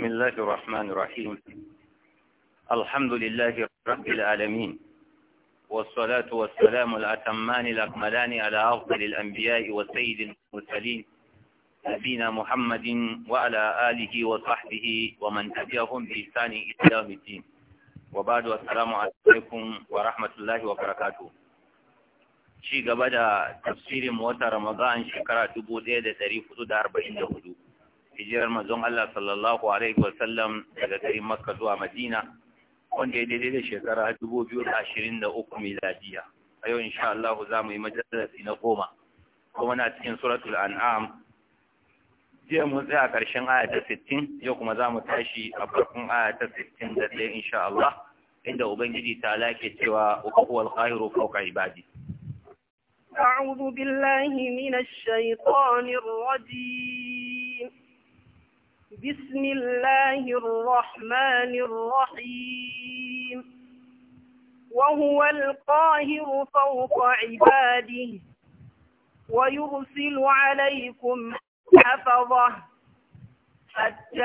بسم الله الرحمن الرحيم الحمد لله رب العالمين والصلاة والسلام الأتمان الأكملان على أفضل الأنبياء وسيد المرسلين نبينا محمد وعلى آله وصحبه ومن تبعهم بإحسان إلى يوم الدين وبعد السلام عليكم ورحمة الله وبركاته ci gaba da tafsirin wata Ramadan shekara 1444 hijirar manzon Allah sallallahu alaihi wasallam daga garin Makka zuwa Madina wanda ya daidai da shekara 2023 miladiya a yau insha Allah za mu yi majalisi na goma kuma na cikin suratul an'am jiya mun tsaya karshen aya ta 60 yau kuma za mu tashi a farkon aya ta 61 insha Allah inda ubangiji ta lake cewa huwal qahiru fawqa ibadi أعوذ بالله من الشيطان الرجيم بسم الله الرحمن الرحيم وهو القاهر فوق عباده ويرسل عليكم حفظه حتى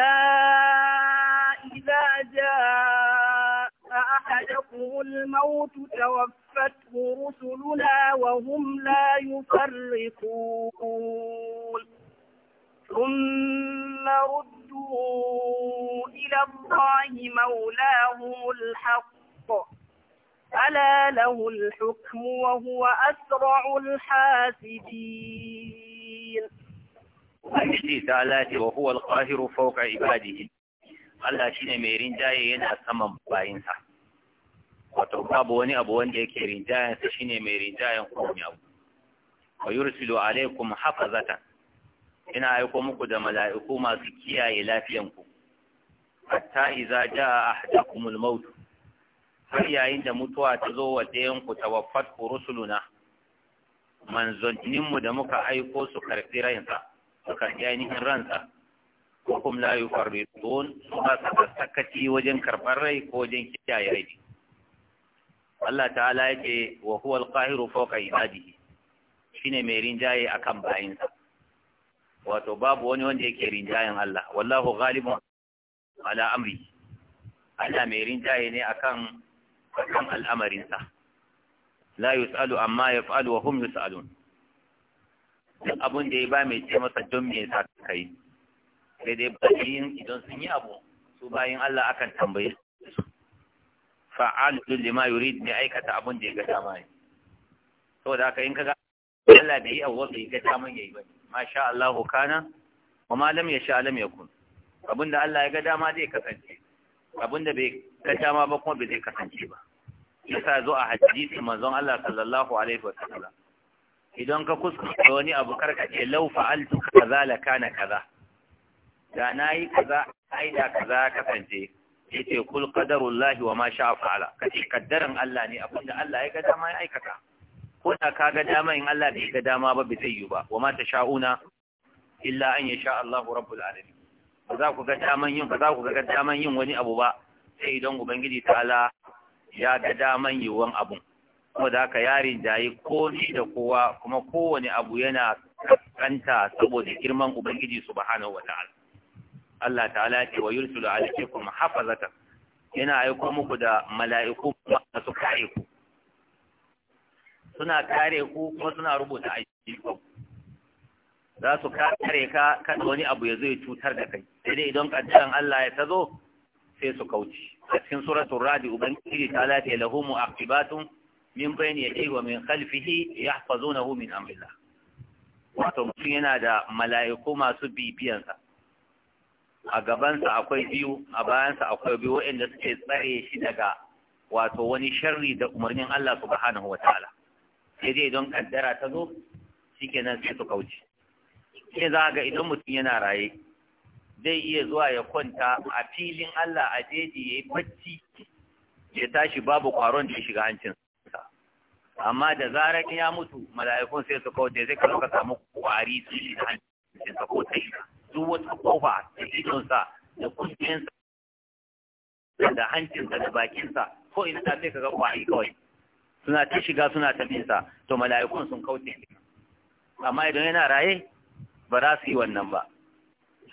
إذا جاء أحدكم الموت توفته رسلنا وهم لا يفرقون ثم رد ردوا إلى الله مولاهم الحق ألا له الحكم وهو أسرع الحاسبين أشتي تعالى وهو القاهر فوق عباده Allah shi ne mai rinjaye yana saman wato babu wani abu wanda yake rinjayensa shi ne mai rinjayen kowane abu wa yursilu alaikum hafazatan ina aiko muku da mala'iku masu kiyaye lafiyanku hatta iza jaa ahdakumul maut har yayin da mutuwa ta zo wa ɗayanku ku rusuluna manzanninmu da muka aiko su karfi ransa su karfi ainihin ransa hukum la yufarridun su ba su sakaci wajen karɓar rai ko wajen kiyaye rai Allah ta'ala yake wa huwa alqahiru fawqa ibadihi shine mai rinjaye akan bayinsa wato babu wani wanda yake rinjayen Allah wallahu ghalibun ala amri Allah mai rinjaye ne akan akan sa. la yus'alu amma yaf'alu wa hum yus'alun duk abun da ya ba mai ce masa don me yasa kai sai dai bayin idan sun yi abu su bayin Allah akan tambaye su fa'alu lima yurid ne aikata abun da ya ga dama ne saboda haka in kaga Allah bai yi abu ba bai ga dama yayi ba ne ma sha Allahu kana wa ma lam yasha ya yakun abinda Allah ya ga dama zai kasance abinda bai ga dama ba kuma bai kasance ba yasa zo a hadisi manzon Allah sallallahu alaihi wasallam idan ka kuskure wani abu karka ce law fa'altu kaza la kana kaza da nayi kaza ai da kaza kasance yace kul qadarullahi wa ma sha'a fa'ala kace kaddaran Allah ne abinda Allah ya ga dama ya aikata ko da ka ga dama in Allah bai ga dama ba bai yi ba wa ma shauna illa an yasha Allahu rabbul alamin ba za ku ga daman yin ba za ku ga dama yin wani abu ba sai idan ubangiji ta'ala ya ga daman yiwuwan abun kuma da yari yarin ko ni da kowa kuma kowane abu yana kanta saboda girman ubangiji subhanahu wataala Allah ta'ala ce wa yursilu alaykum hafazatan yana aiko muku da mala'iku masu kaiku ku suna kare ku kuma suna rubuta ayyukan za su kare ka kan wani abu ya zo ya cutar da kai sai dai idan kaddaran Allah ya tazo sai su kauce a cikin suratul radi ubangiji ta lati lahumu aqibatun min bayni yadihi wa min khalfihi yahfazunahu min amrillah wato mutum yana da mala'iku masu bibiyansa a gabansa akwai biyu a bayansa akwai biyu waɗanda suke tsare shi daga wato wani sharri da umarnin Allah subhanahu wata'ala sai dai don kaddara ta zo nan sai su kauce sai za ga idan mutum yana raye zai iya zuwa ya kwanta a filin Allah a jeji ya yi bacci ya tashi babu kwaron da ya shiga hancinsa amma da zarar ya mutu mala'ikun sai su kauce sai ka ka samu kwari su shi da hancinsa ko ta yi duk wata kofa da sa da sa da hancinsa da bakinsa ko ina sai ka ga kwari kawai suna ta shiga suna ta to mala'ikun sun kauce amma idan yana raye ba za su yi wannan ba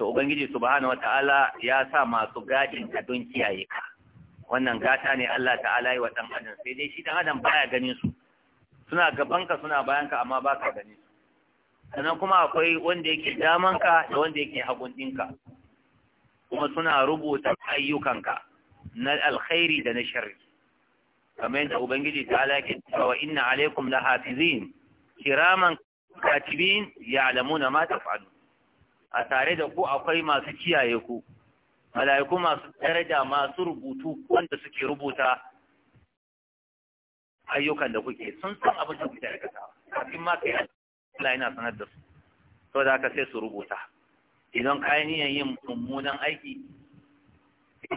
to ubangiji subhanahu ta’ala ya sa masu gadin ka don kiyaye ka wannan gata ne Allah ta'ala yi wa adam sai dai shi dan adam baya ganin su suna gaban suna bayan amma ba ka gani sannan kuma akwai wanda yake daman ka da wanda yake hagun ka. kuma suna rubuta ayyukanka na alkhairi da na sharri kamar yadda ubangiji ta alaƙi wa inna alaikum la hafizin kiraman katibin ya'lamuna mata faɗu a tare da ku akwai masu kiyaye ku mala'iku masu daraja masu rubutu wanda suke rubuta ayyukan da kuke sun san abin da kuke kafin ma kai ala yana sanar da su da aka sai su rubuta idan kayan yin mummunan aiki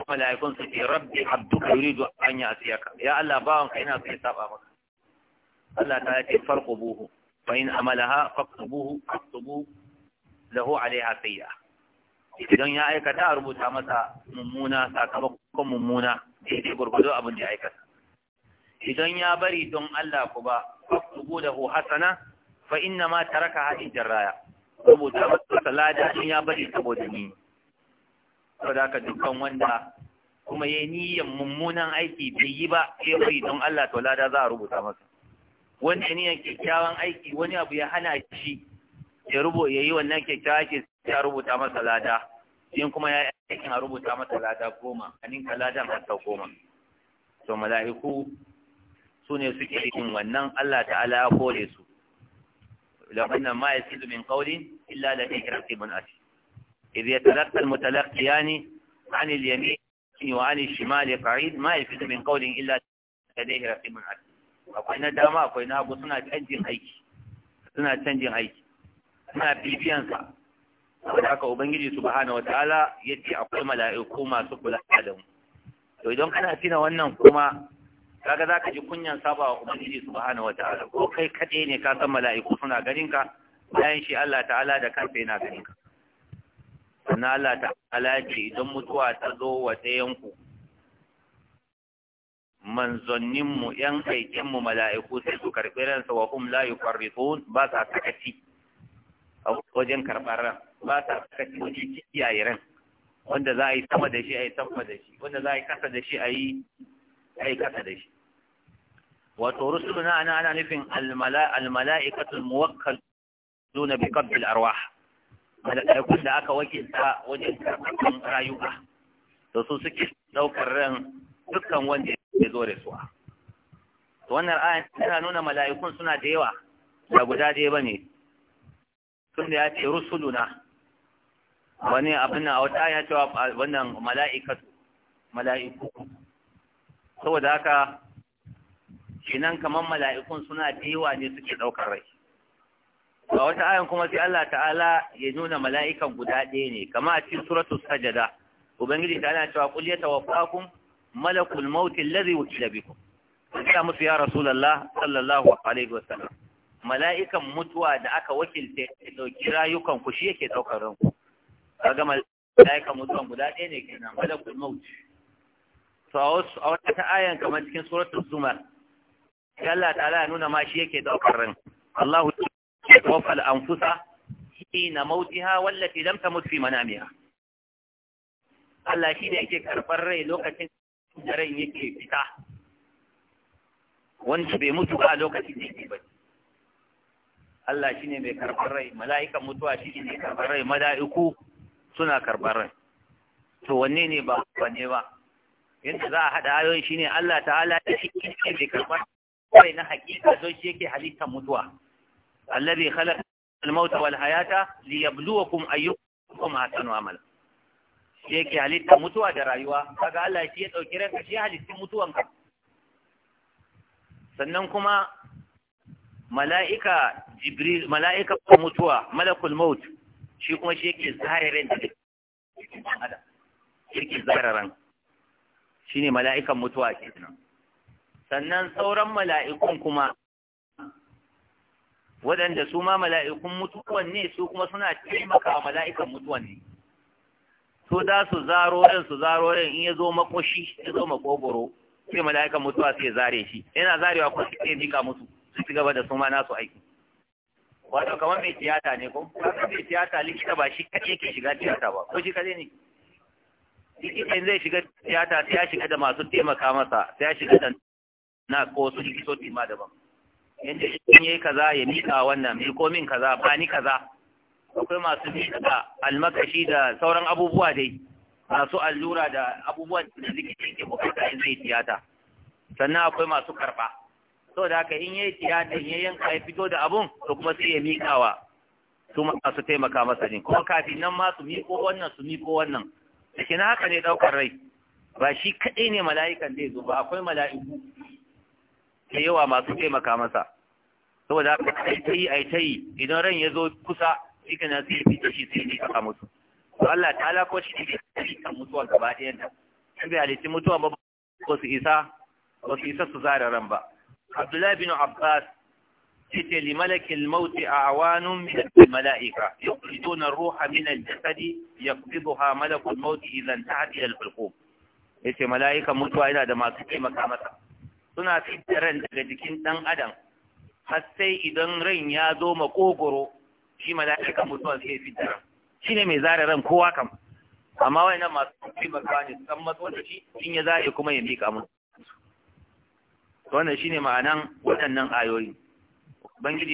mala'ikun su ce rabbi abduka yuridu an ya ka ya Allah bawan ka ina so ya saba maka Allah ta ce farqubuhu fa in amalaha faqtubuhu faqtubu lahu alaiha sayya idan ya aikata a rubuta masa mummuna sakamakon mummuna daidai gurgudo abin da ya aikata idan ya bari don Allah ku ba faqtubu lahu hasana fa inna ma taraka hadin jarraya rubuta masa salada in ya bari saboda ni saboda ka dukkan wanda kuma ya niyan mummunan aiki bai yi ba sai bai don Allah to lada za a rubuta masa wanda niyyar kyakkyawan aiki wani abu ya hana shi ya rubo ya yi wannan kyakkyawa ke ya rubuta masa lada in kuma ya aikin a rubuta masa lada goma a ninka lada har ta goma to mala'iku su ne suke cikin wannan Allah ta'ala ya kore su لأن ما min من قول إلا لديه رقيب أتيد إذ يتلقى المتلقيان عن اليمين وعن الشمال قعيد ما يلفت من قول إلا لديه رقيب عتيد akwai na dama akwai na abu suna canjin aiki suna canjin aiki suna bibiyansa saboda haka ubangiji subhanahu wataala yace akwai mala'iku masu kula da to idan kana tina wannan kuma kaga zaka ji kunyan saba wa ubangiji subhanahu wataala ko kai kade ne ka san mala'iku suna ganin ka bayan shi Allah ta'ala da kansa yana ganin ka Na Allah ta'ala ce idan mutuwa ta zo wa yanku. manzanninmu ‘yan aikinmu mala'iku sai su karɓi ransa wa hum la yuqarritun ba sa sakaci a wajen karɓar ran ba sa sakaci wajen kiyaye ran wanda za a yi sama da shi a yi sama da shi wanda za a yi kasa da shi a yi kasa da shi wato rusuluna ana ana nufin almala'ikatul muwakkal duna bi qabdil arwah mala'ikun da aka wakilta wajen karɓar rayuwa, da su suke ɗaukar ran dukkan wanda ya zo da suwa to wannan ayan tana nuna mala'ikun suna da yawa da guda ɗaya bane tun da ya ce rusuluna wani abin a wata ya cewa wannan mala'ikatu mala'iku saboda haka nan kamar mala'ikun suna da yawa ne suke ɗaukar rai a wata ayan kuma sai Allah ta'ala ya nuna mala'ikan guda ɗaya ne kama a cikin suratul sajada ubangiji ta ana cewa qul yatawaffakum malakul maut alladhi wukila bikum ya musu ya rasulullah sallallahu alaihi wasallam mala'ikan mutuwa da aka wakilta ya dauki rayukan ku shi yake daukar ranku kaga mala'ikan mutuwa guda ɗaya ne kenan malakul maut to a wata ayan kamar cikin suratul zumar Allah ta'ala ya nuna ma shi yake daukar ranku Allahu وفى الأنفسة حين موتها والتي لم تمت في منامها Allah shi da yake karɓar rai lokacin da rai yake fita wanda bai mutu ba lokacin da yake ba Allah shi ne mai karɓar rai mala'ikan mutuwa shi ne karɓar rai mala'iku suna karɓar rai to wanne ne ba ne ba yadda za a haɗa ayoyin shi ne Allah ta'ala da shi ne mai karɓar rai na hakika don shi yake halittar mutuwa الذي خلق al-mauta ليبلوكم أيكم أحسن عملا amala yake halitta mutuwa da rayuwa kaga Allah shi ya dauki ranka shi halittin mutuwanka sannan kuma mala'ika jibril mala'ika mutuwa malakul maut shi kuma shi yake zahirin da adam shi yake zahirin shine mala'ikan mutuwa kenan sannan sauran mala'ikun kuma waɗanda su ma mala'ikun mutuwan ne su kuma suna taimaka wa mala'ikan mutuwan ne su za su zaro ɗin su zaro ɗin in ya zo makoshi ya zo makogoro sai mala'ikan mutuwa sai zare shi yana zarewa ko sai jika musu su ci gaba da su ma nasu aiki wato kamar mai tiyata ne ko kamar mai tiyata likita ba shi kaɗai ke shiga tiyata ba ko shi kaɗai ne Likita zai shiga tiyata sai ya shiga da masu taimaka masa sai ya shiga da na ko su likitoci ma daban yadda in yi kaza ya mika wannan milkomin kaza ba ni kaza akwai masu mika almakashi da sauran abubuwa dai masu allura da abubuwan da likitin ke bukata in zai tiyata sannan akwai masu karba so da haka in yi tiyata in yanka ya fito da abun to kuma sai ya mika wa su masu taimaka masa ne kuma kafin nan ma su miko wannan su miko wannan da haka ne ɗaukar rai ba shi kadai ne mala'ikan zai zo ba akwai mala'iku da yawa masu taimaka masa saboda haka ai ta yi ai ta yi idan ran ya zo kusa shi kana sai fi shi sai ne a mutu to Allah ta ko shi ne ta mutuwa gaba ɗaya da in bai halitti mutuwa ba ba su isa ba su isa su zara ran ba Abdullahi bin Abbas ce li mauti a a'wanun min al-mala'ika yukhrijuna na ruha min al fi yaqbiduha malakun mauti idha ta haɗe alfulku Ya ce mala'ikan mutuwa yana da masu taimaka masa suna fitaren ran daga jikin ɗan adam har sai idan ran ya zo makogoro shi mala'ika mutuwa sai fidda ran shi ne mai zare ran kowa kam amma wayannan masu taimakawa ne su san matso da shi in ya zare kuma ya mika mu wannan shine ma'anan waɗannan ayoyi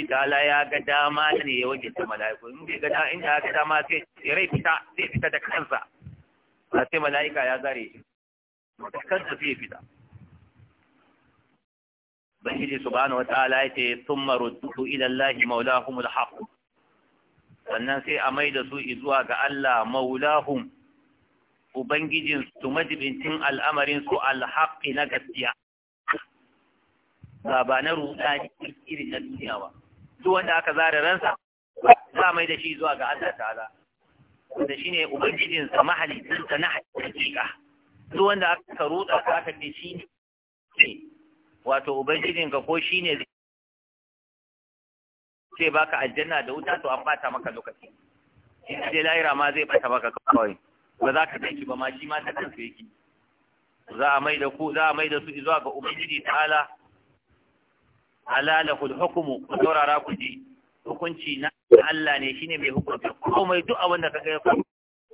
ta ala ya ga dama ne ya wanke ta mala'iku in bai ga dama in ya ga dama sai rai fita sai fita da kansa ba sai mala'ika ya zare shi kansa sai fita ubangiji subhanahu wataala yace thumma ruddu ila allahi maulahumul haqq wannan sai a mai da su zuwa ga Allah maulahum ubangijin su majibincin al'amarin su alhaqqi na gaskiya ba ba na ruɗa irin na duniya ba duk wanda aka zare ransa za mai da shi zuwa ga Allah ta'ala wanda shine ubangijin sa mahalicin sa na hakika duk wanda aka ruɗa ka aka ce shi ne wato ubangijinka ko shi ne zai baka aljanna da wuta to an bata maka lokaci in dai lahira ma zai bata maka kawai ba za ka ganki ba ma shi ma ta kansu yake za a mai da ku za a mai da su zuwa ga ubangiji ta'ala alala kul hukumu ku saurara ku ji hukunci na Allah ne shine mai hukunta komai duk abin da kaga ya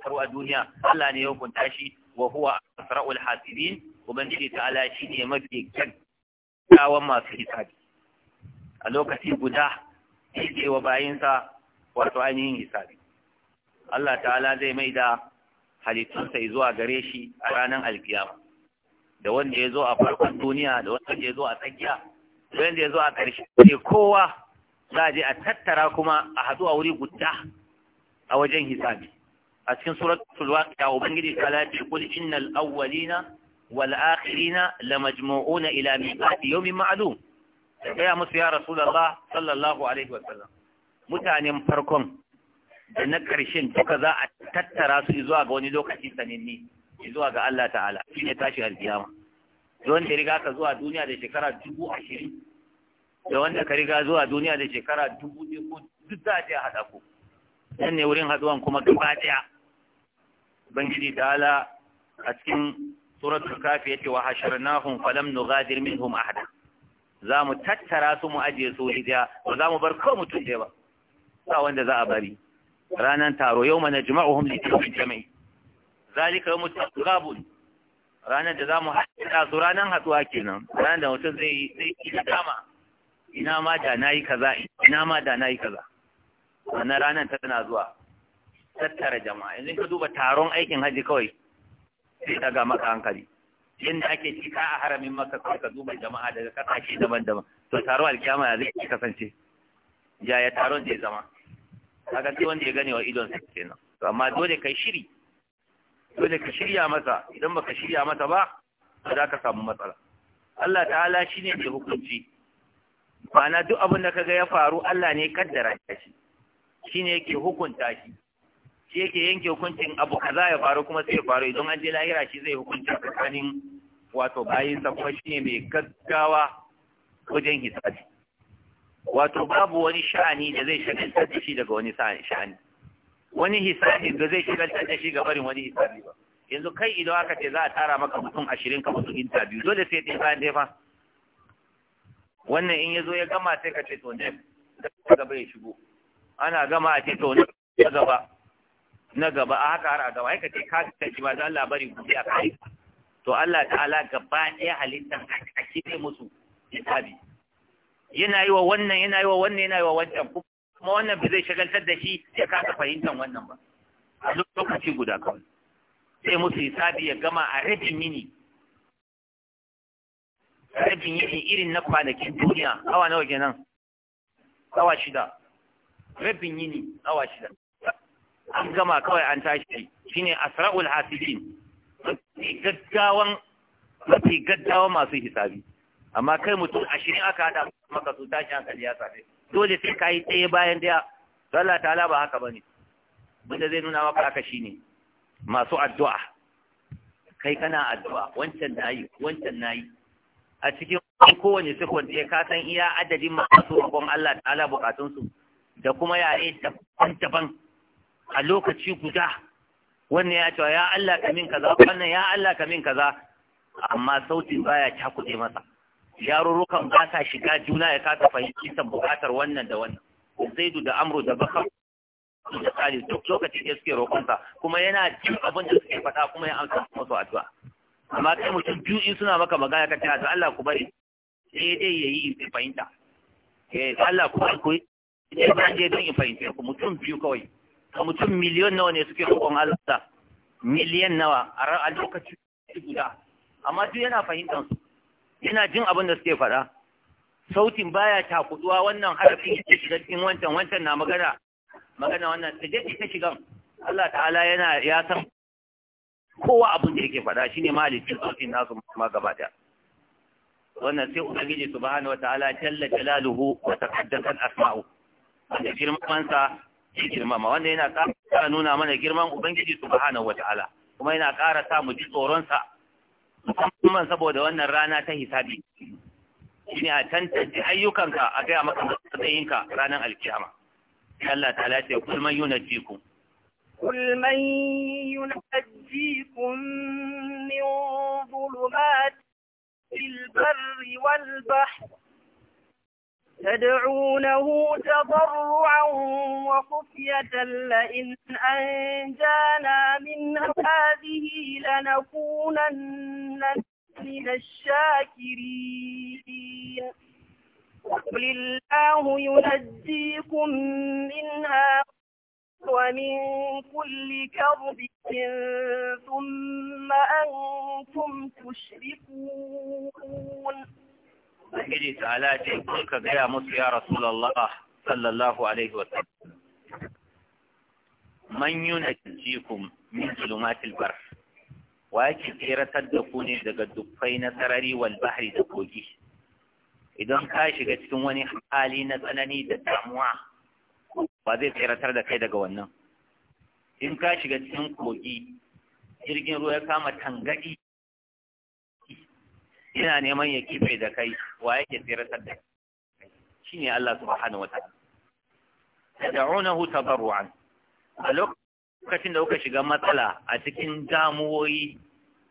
faru a duniya Allah ne ya hukunta shi wa huwa asra'ul hasibin ubangiji ta'ala shine mafi gaggawa gawan masu hisabi a lokaci guda ke wa bayinsa wato ainihin hisabi Allah ta'ala zai mai da halittunsa zuwa gare shi a ranar alkiyama da wanda ya zo a farkon duniya da wanda ya zo a tsakiya da wanda ya zo a ƙarshe ne kowa za a je a tattara kuma a haɗu a wuri guda a wajen hisabi a cikin suratul waqi'a ubangiji kala ce kul innal awwalina والآخرين لمجموعون إلى ميقات يوم معلوم يا مس يا رسول الله صلى الله عليه وسلم mutanen farkon da na ƙarshen duka za a tattara su zuwa ga wani lokaci sananne zuwa ga Allah ta'ala shi ne tashi alkiyama da wanda riga ka zuwa duniya da shekara dubu ashirin da wanda ka riga zuwa duniya da shekara dubu ɗaya ko duk za a je a haɗa ku nan ne wurin haɗuwan kuma gaba ɗaya ubangiji ta'ala a cikin suratul kafi yace wa hasharnahum falam nughadir minhum ahada zamu tattara su mu aje su hija ba zamu bar ko mutum da ba ba wanda za a bari ranan taro yawma najma'uhum li tawfid jama'i. zalika yawmut taghabun ranan da zamu hada su ranan hatsuwa kenan ranan da mutum zai zai yi ina ma da nayi kaza ina ma da nayi kaza wannan ranan tana zuwa tattara jama'a yanzu ka duba taron aikin haji kawai sai ga maka hankali yadda ake cika a haramin maka kawai ka zuba jama'a daga kasashe daban-daban to taro alkiyama ya zai kasance yaya taron zai zama kaga sai wanda ya gane wa idon sa kenan to amma dole kai shiri dole ka shirya masa idan baka shirya masa ba ba za ka samu matsala Allah ta'ala shi ne mai hukunci ma'ana duk abin da kaga ya faru Allah ne ya kaddara shi shi ne yake hukunta shi shi yake yanke hukuncin abu kaza ya faru kuma sai ya faru idan an je lahira shi zai hukunta tsakanin wato bayinsa kuma shi ne mai gaggawa wajen hisabi wato babu wani sha'ani da zai shagaltar da shi daga wani sha'ani wani hisabi da zai shagaltar da shi ga barin wani hisabi ba yanzu kai idan aka ce za a tara maka mutum ashirin ka mutum interview dole sai ɗaya bayan ɗaya fa wannan in ya zo ya gama sai ka ce to ne da gaba ya shigo ana gama a ce to ne gaba na gaba a haka har a gaba haka ce ka kaci ba Allah labarin ku a kai to Allah ta'ala gaba ɗaya halittar a kire musu hisabi yana yi wa wannan yana yi wa wannan yana yi wa wancan kuma wannan bai zai shagaltar da shi ya kasa fahimtar wannan ba a lokaci guda kawai sai musu hisabi ya gama a rabin yini rabin yini irin na kwanakin duniya awa nawa kenan awa shida rabin yini awa shida an gama kawai an tashi Shi shine asra'ul hasibin mafi gaggawan mafi gaggawan masu hisabi amma kai mutum ashirin aka hada maka su tashi hankali ya safe dole sai ka yi tsaye bayan daya Allah ta'ala ba haka bane wanda zai nuna maka haka shine masu addu'a kai kana addu'a wancan nayi wancan nayi a cikin kowane sekon ɗaya ka san iya adadin masu roƙon Allah ta'ala bukatunsu da kuma yare daban-daban a lokaci guda wannan ya cewa ya Allah ka min kaza wannan ya Allah ka min kaza amma sautin baya cakuɗe masa yarurukan ba ta shiga juna ya kasa fahimtar buƙatar wannan da wannan zaidu da amru da bakar da tsari duk lokacin da suke roƙonsa kuma yana jin abin da suke faɗa kuma ya amsa musu addu'a amma kai mutum biyu in suna maka magana ka ce Allah ku bari sai eh, dai yayi in fahimta eh Allah ku bari ku eh, je don in fahimta ku mutum biyu kawai Ka mutum miliyon nawa ne suke roƙon Allah miliyan nawa a lokaci guda amma duk yana fahimtar su yana jin abin da suke faɗa sautin baya kuduwa wannan harafin yake shiga cikin wancan wancan na magana magana wannan ta je ta shigan Allah ta'ala yana ya san kowa abin da yake faɗa shine malikin sautin nasu ma gaba daya wannan sai ubangiji subhanahu wataala jalla jalaluhu wa taqaddasat asma'u da girman sa ya girmama wanda yana ƙara nuna mana girman ubangiji subhanahu wataala kuma yana ƙara sa mu ji sa. musamman saboda wannan rana ta hisabi shine a tantance ayyukanka a gaya maka matsayinka ranar alkiyama Allah ta lafiya kul man yunajjikum قل من ينجيكم من ظلمات البر تدعونه تضرعا وخفية لئن أنجانا من هذه لنكونن من الشاكرين قل الله ينجيكم منها ومن كل كرب ثم أنتم تشركون ubangiji ta'ala ce kun ka gaya musu ya Rasulallah sallallahu alaihi wa sallam man yunjikum min zulumatil bar wa yake tseratar da ku ne daga dukkai na sarari wal bahri da kogi idan ka shiga cikin wani hali na tsanani da damuwa ba zai tseratar da kai daga wannan in ka shiga cikin kogi jirgin ruwa ya kama tangadi ina neman ya kife da kai wa yake tsiratar da kai ne Allah subhanahu wataala tad'unahu ruwan. a lokacin da kuka shiga matsala a cikin damuwoyi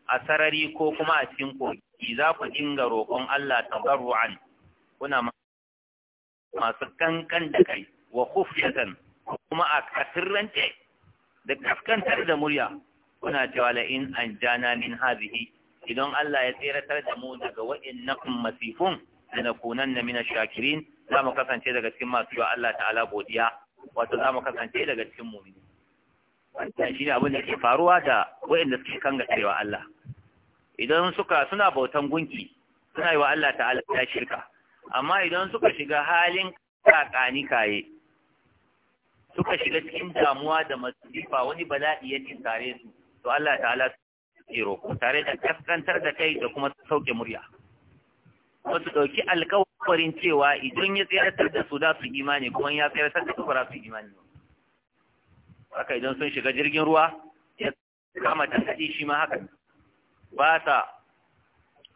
a sarari ko kuma a cikin koki za ku dinga roƙon Allah ruwan, kuna masu kankan da kai wa khufyatan kuma a kasirrance da kaskantar da murya kuna cewa la in anjana min hadhihi idan Allah ya tseratar da mu daga na masifun da na kunan na mina shakirin za mu kasance daga cikin masu wa Allah ta'ala godiya wato za mu kasance daga cikin mumini wannan ne abin da ke faruwa da wa'inda suke kanga cewa Allah idan suka suna bautan gunki suna yi wa Allah ta'ala ta shirka amma idan suka shiga halin kakani kaye suka shiga cikin damuwa da masifa wani bala'i ya tare su to Allah ta'ala tsiro tare da kaskantar da kai da kuma sauke murya ba su ɗauki alkawarin cewa idan ya tsayar da su da su imani kuma ya tsayar da su ba su imani haka idan sun shiga jirgin ruwa ya kama tankaɗi shi ma haka ba sa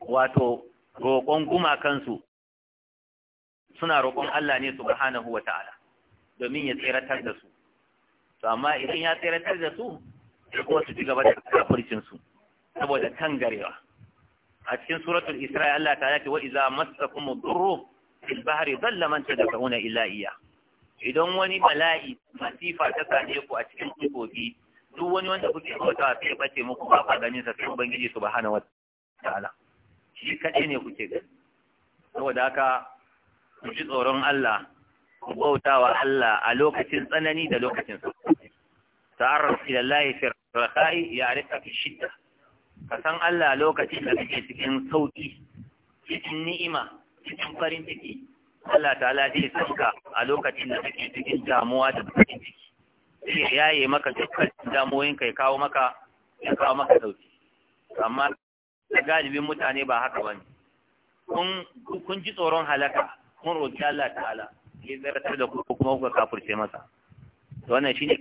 wato roƙon gumakansu suna roƙon Allah ne su subhanahu wa ta'ala domin ya tsayar da su to amma idan ya tsayar da su ya kuma su ci gaba da kafircinsu saboda tangarewa a cikin suratul isra'i Allah ta ce wa iza massakum ad-durru fil bahri dalla man tad'una illa iya idan wani bala'i masifa ta same ku a cikin kofi duk wani wanda kuke bauta sai bace muku ba ka ganin sa sai ubangiji subhanahu wataala shi kaɗai ne kuke gani saboda haka ku ji tsoron Allah ku bautawa Allah a lokacin tsanani da lokacin sa ta'arraf ila Allah fi rakhai ya'rifka fi shiddah ka san Allah lokacin da kake cikin sauki cikin ni'ima cikin farin ciki Allah ta'ala zai sauka a lokacin da kake cikin damuwa da farin ciki sai ya yaye maka dukkan damuwoyin kai kawo maka ya kawo maka sauki amma galibin mutane ba haka bane kun kun ji tsoron halaka kun roki Allah ta'ala ya zartar da ku kuma kuka kafurce masa to wannan shine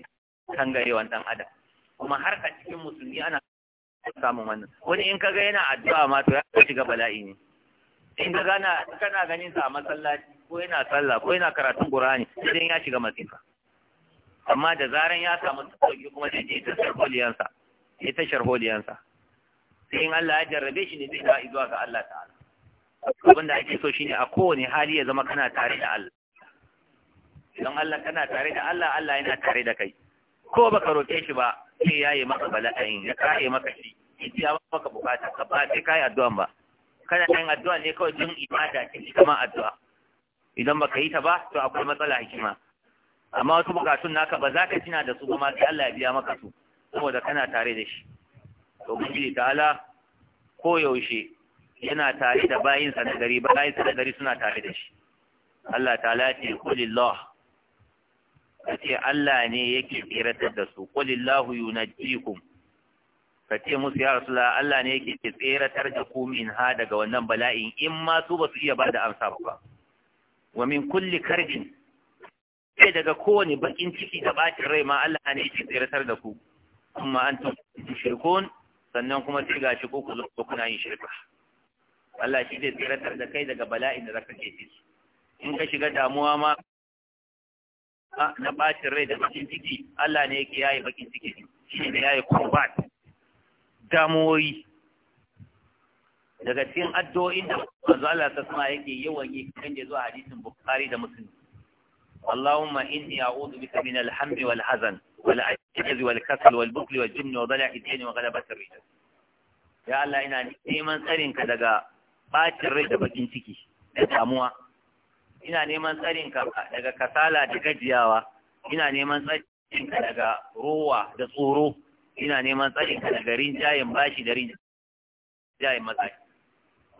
kangarewan dan adam kuma har a cikin musulmi ana samun wannan wani in kaga yana addu'a ma to ya shiga bala'i ne in ka gana kana ganin sa a masallaci ko yana sallah ko yana karatun Qur'ani sai ya shiga masifa amma da zaran ya samu sauki kuma sai ya ta sharholiyansa ya ta sharholiyansa sai in Allah ya jarrabe shi ne zai da zuwa ga Allah ta'ala abin da ake so shine a kowane hali ya zama kana tare da Allah idan Allah kana tare da Allah Allah yana tare da kai ko baka roke shi ba sai ya yi maka bala'ayin ya kare maka shi ya biya maka bukata ka ba sai ka yi addu'an ba kana yin addu'a ne kawai don ibada ce shi kama addu'a idan baka yi ta ba to akwai matsala hikima amma wasu bukatun naka ba za ka tuna da su ba ma sai Allah ya biya maka su saboda kana tare da shi to gudu ko yaushe yana tare da bayinsa na gari bayinsa na gari suna tare da shi Allah ta'ala ce kulillah ka ce Allah ne yake tseratar da su qulillahu yunajjikum ka ce musu ya rasulullah Allah ne yake tseratar da ku min ha daga wannan bala'in in ma su ba su iya bada amsa ba wa min kulli karbin sai daga kowane bakin ciki da bacin rai ma Allah ne yake tseratar da ku amma antum shirkun sannan kuma sai ga ko ku zo kuna yin shirka Allah shi zai tseratar da kai daga bala'in da zaka ke ciki in ka shiga damuwa ma na bacin rai da bakin ciki Allah ne yake yayi bakin ciki shi ne yayi kurbat damoyi daga cikin addu'o'in da manzo Allah ta sama yake yawan yi kan da zuwa hadisin Bukhari da Muslim Allahumma inni a'udhu bika min al-hammi wal hazan wal ajaz wal kasal wal bukhl wal jinn wa dala'i ad wa ghalabat ar-rijal ya Allah ina neman tsarin ka daga bacin rai da bakin ciki da damuwa ina neman tsarin ka daga kasala da gajiyawa ina neman tsarin ka daga ruwa da tsoro ina neman tsarin ka daga rinjayen bashi da rinjayen matsayi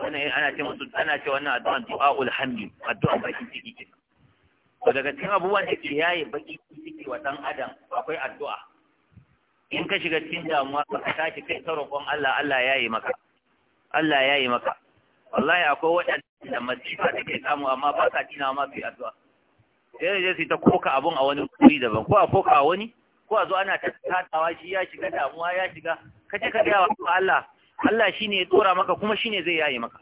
wannan ana ce musu ana ce wannan addu'a du'aul hamdi addu'a bakin ciki ke to daga cikin abubuwan da ke yaye bakin ciki wa dan adam akwai addu'a in ka shiga cikin damuwa ka tashi kai ta roƙon Allah Allah yayi maka Allah yayi maka wallahi akwai waɗanda masifa da ke samu amma ba sa tina ma fi addu'a sai da su ta koka abun a wani kuri daban ko a koka a wani ko a zo ana ta tatawa shi ya shiga damuwa ya shiga kace ka gaya wa Allah Allah shine ya tsora maka kuma shine zai yaye maka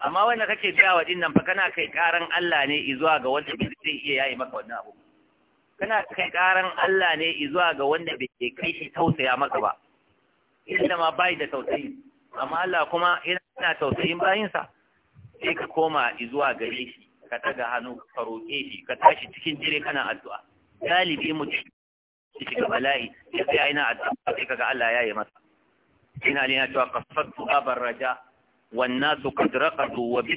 amma wanda kake gaya wa dinnan fa kana kai karan Allah ne izuwa ga wanda bai zai iya yaye maka wannan abu kana kai karan Allah ne izuwa ga wanda bai kai shi tausaya maka ba inda ma bai da tausayi amma Allah kuma Ina tausayin bayinsa sai ka koma zuwa gare shi ka taga hannu ka roƙe shi ka tashi cikin jire kana addu'a galibi shi shiga bala'i ya sai aina addu'a sai kaga Allah ya yi masa ina ne na cewa qafattu abar raja wan nasu qad raqadu wa bi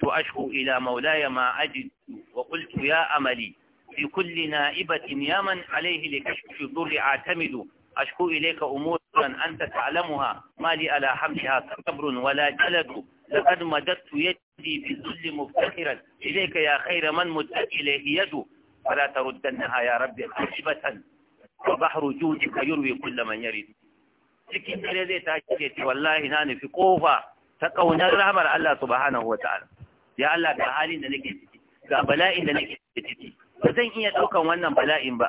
tu ashku ila maulaya ma ajidu wa qultu ya amali fi kulli na'ibatin yaman alayhi likashfi dhurri atamidu أشكو إليك أمورا أنت تعلمها ما لي على حملها صبر ولا جلد لقد مددت يدي بذل مفتخرا إليك يا خير من مدت إليه يده فلا تردنها يا ربي عجبة وبحر جودك يروي كل من يريد cikin dare zai tashi ce wallahi na nufi kofa ta kaunar rahmar Allah subhanahu wataala ya Allah ga halin da nake ciki ga bala'in da nake ba zan iya daukan wannan bala'in ba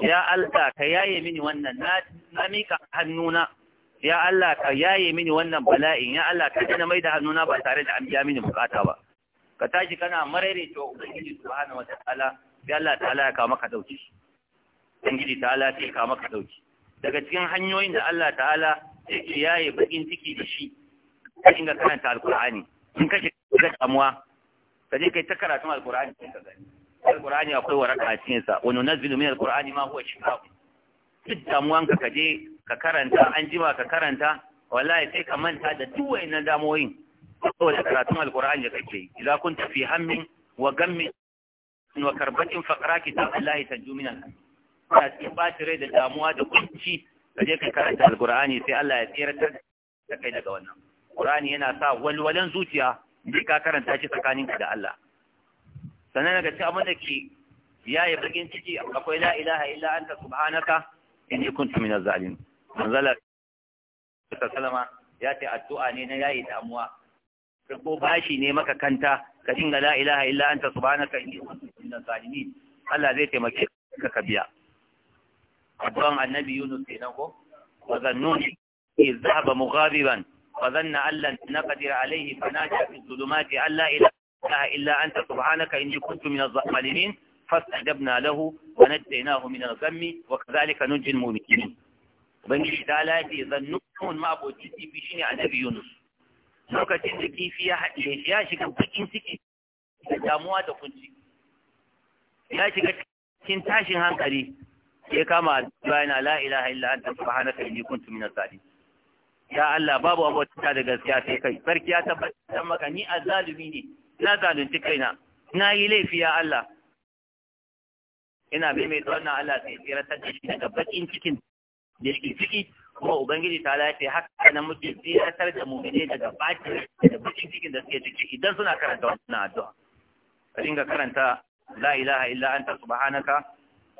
ya Allah ka yaye mini wannan na mika hannuna ya Allah ka yaye mini wannan bala'in ya Allah ka dina mai da hannuna ba tare da an biya mini bukata ba ka tashi kana marere to ubangiji subhanahu wataala ya Allah ta'ala ya kawo maka dauki ubangiji ta'ala sai kawo maka dauki daga cikin hanyoyin da Allah ta'ala yake yaye bakin ciki da shi ka inga karanta alqur'ani in kake ga damuwa ka je kai ta karatu alqur'ani ka gani alkur'ani akwai waraka a cikin sa na nunazzilu min alqur'ani ma huwa shifa duk damuwan ka kaje ka karanta an jima ka karanta wallahi sai ka manta da duk wayannan damoyin saboda karatun alkur'ani da kake idan kun tafi hammin wa gammi wa karbatin faqra kitab Allah tanju min al ka ci baci rai da damuwa da kunci kaje ka karanta alkur'ani sai Allah ya tsira da kai daga wannan qur'ani yana sa walwalan zuciya duk ka karanta shi tsakaninka da Allah sannan daga cikin abin da ke yi bakin ciki akwai la ilaha illa anta subhanaka inni kuntu minaz zalimin manzala Salama ya ce addu'a ne na yayi damuwa ko bashi ne maka kanta ka dinga la ilaha illa anta subhanaka inni kuntu minaz zalimin Allah zai taimake ka ka biya addu'an annabi Yunus kenan ko wa zannuni iz dhahaba mughadiban فظن أن لن نقدر عليه فنادى في الظلمات أن لا إله لا إلا أنت سبحانك إني كنت من الظالمين فاستجبنا له ونجيناه من الغم وكذلك ننجي المؤمنين ubangiji ta lafi zannun maboci kifi shi ne annabi yunus lokacin da kifi ya haɗe ya shiga bakin ciki da damuwa da kunci ya shiga cikin tashin hankali ya kama bayana la ilaha illa anta subhanaka inni kuntu min az-zalim ya Allah babu abota da gaskiya sai kai sarki ya tabbatar maka ne na zalunci kaina na yi laifi ya Allah ina bi mai na Allah sai tsiratar da shi daga bakin cikin da yake ciki kuma ubangiji ta lafi haka na muke tsiratar da mu'mini daga bakin da bakin cikin da suke ciki idan suna karanta wannan addu'a ka dinga karanta la ilaha illa anta subhanaka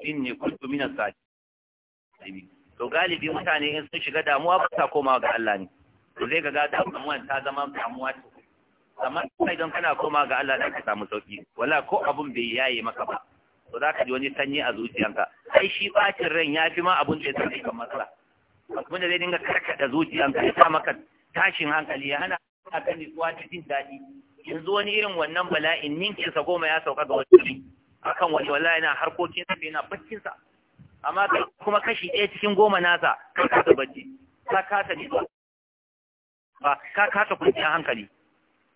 inni kuntu minas sadiqin to galibi mutane in sun shiga damuwa ba sa komawa ga Allah ne to zai ga ga damuwan ta zama damuwa ta. amma idan kana koma ga Allah da ka samu sauki wala ko abun bai yaye maka ba to za ka ji wani sanyi a zuciyanka ai shi bacin ran ya fi ma abun da ya sani kan matsala abun da zai dinga karkata zuciyanka ya sa maka tashin hankali ya hana ka nutsuwa da jin daɗi yanzu wani irin wannan bala'in ninkinsa goma ya sauka ga wani akan wani wallahi yana harkokin sa yana baccin sa amma kuma kashi ɗaya cikin goma nasa ka kasa bacci ka kasa nitsuwa ka kasa kwanciyar hankali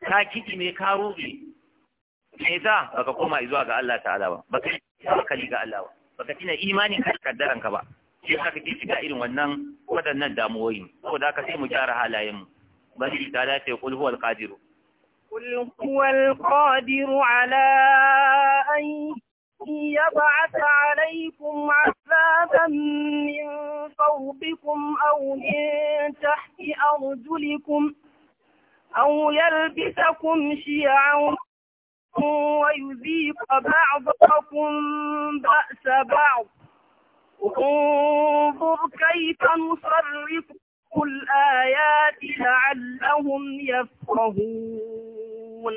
ka kiɗi me ka ruɗe me za baka koma zuwa ga Allah ta'ala ba baka hankali ga Allah ba baka tina imanin ka kaddaran ka ba shi ka kake shiga irin wannan waɗannan damuwoyi da ka sai mu gyara halayen mu bari ta lafe qul huwal qadir qul huwal qadir ala an يبعث عليكم عذابا من فوقكم أو من تحت أرجلكم أو يلبسكم شيعا ويذيق بعضكم بأس بعض انظر كيف نصرف الآيات لعلهم يفقهون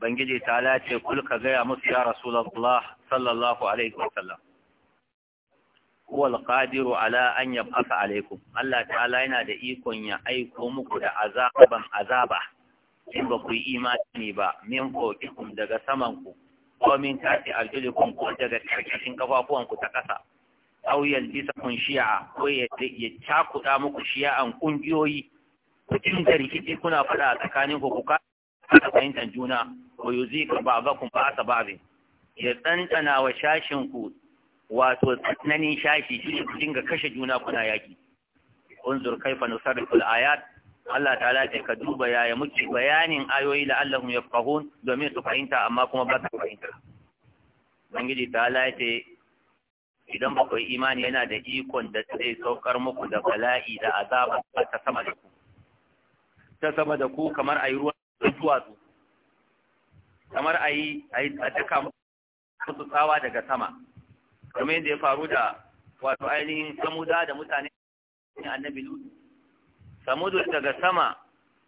بنجي تعالى كل قضية مصر يا رسول الله صلى الله عليه وسلم huwal qadiru ala an yabqa alaykum Allah ta'ala yana da ikon ya aiko muku da azaban azaba in ba ku yi imani ba min fawqikum daga saman ku ko min tafi arjulikum ko daga karkashin kafafuwan ku ta kasa aw kun shi'a ko ya cakuda muku shi'an kungiyoyi ku dinga rikici kuna fada tsakanin ku ku ka fahimtar juna ko yuzi ka ba ba ya tsantsana wa shashin ku wato tsananin shafi shi ne ku dinga kashe juna kuna yaki unzur kaifa nusarriful ayat Allah ta'ala ce ka duba yaya muke bayanin ayoyi la'allahum yafqahun domin su fahimta amma kuma ba su fahimta bangiji ta'ala ce idan ba ku imani yana da ikon da zai saukar muku da bala'i da azaba ta sama da ku ta sama da ku kamar ayi ruwan duwatsu kamar ayi ayi a taka musu tsawa daga sama kamar yadda ya faru da wato ainihin samuda da mutane annabi lutu samudu daga sama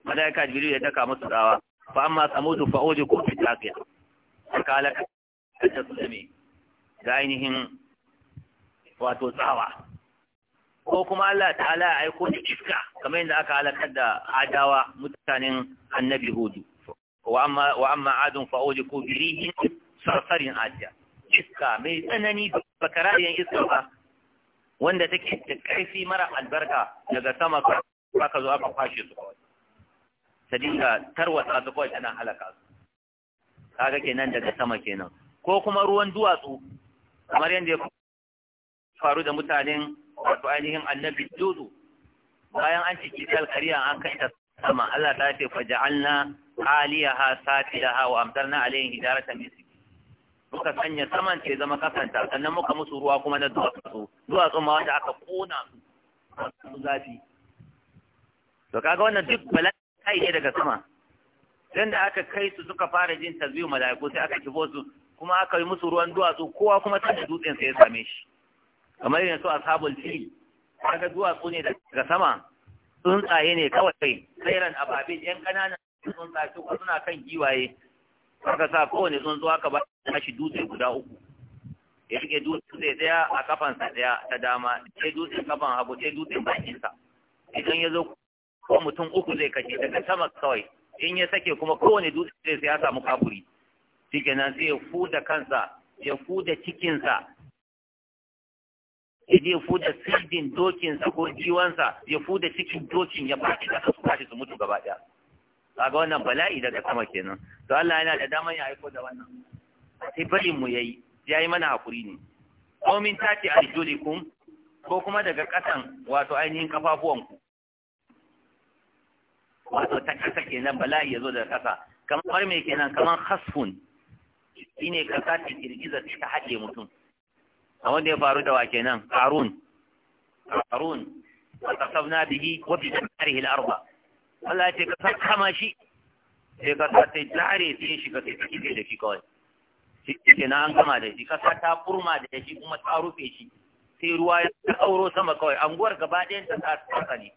malaika jibril ya taka musu tsawa fa amma samudu fa oje ko fi tafiya suka halaka da su ne da ainihin wato tsawa ko kuma Allah ta'ala ya aiko da iska kamar yadda aka halakar da adawa mutanen annabi hudu wa amma adun fa oje ko birihin sarsarin ajiya iska mai tsanani ba karariyan iska ba wanda take da ƙarfi mara albarka daga sama ba ka zo aka kwashe su kawai ta dinga tarwatsa su kawai tana halaka su kaga kenan daga sama kenan ko kuma ruwan duwatsu kamar yadda ya faru da mutanen wato ainihin annabi dudu bayan an ciki kalkariya an kai ta sama Allah ta ce faja'alna aliyaha safilaha wa amtarna alayhi hidaratan min muka sanya saman ce zama kasanta sannan muka musu ruwa kuma na duwatsu duwatsu ma wanda aka kona su zafi to kaga wannan duk bala'i ne daga sama dan da aka kai su suka fara jin tasbihu mala'iku sai aka kibo su kuma aka yi musu ruwan duwatsu kowa kuma ta da dutsen sai ya same shi kamar yin su ashabul fil kaga duwatsu ne daga sama tsuntsaye ne kawai kairan ababin yan kananan tsuntsaye suna kan giwaye aka sa kowane tsuntsu aka ba shi dutse guda uku ya rike dutse daya a sa daya ta dama sai dutse kafan hagu sai bakin sa idan ya zo ko mutum uku zai kashe daga sama kawai in ya sake kuma kowane dutse sai ya samu kafuri shikenan sai ya fuda kansa ya fuda cikinsa ya je fuda sirjin dokinsa ko jiwansa ya fuda cikin dokin ya baki da su kashi su mutu gaba daya kaga wannan bala'i daga sama kenan to Allah yana da daman ya aiko da wannan sai barin mu yayi yayi mana hakuri ne ko min tati arjulikum ko kuma daga kasan wato ainihin kafafuwan ku wato ta kasa kenan bala'i yazo daga kasa kamar me kenan kamar khasfun shine kasa ta kirgiza ta haɗe mutum a wanda ya faru da wa kenan harun harun wa tasabna bihi wa bi tarihi al-arba Allah ce ka sa kama shi sai ka sa ta zare sai shi shiga sai ta kike da shi kawai shi ke na an gama da shi ka sa ta furma da shi kuma ta rufe shi sai ruwa ya tsauro sama kawai anguwar gaba ɗayan ta ta tsaka ne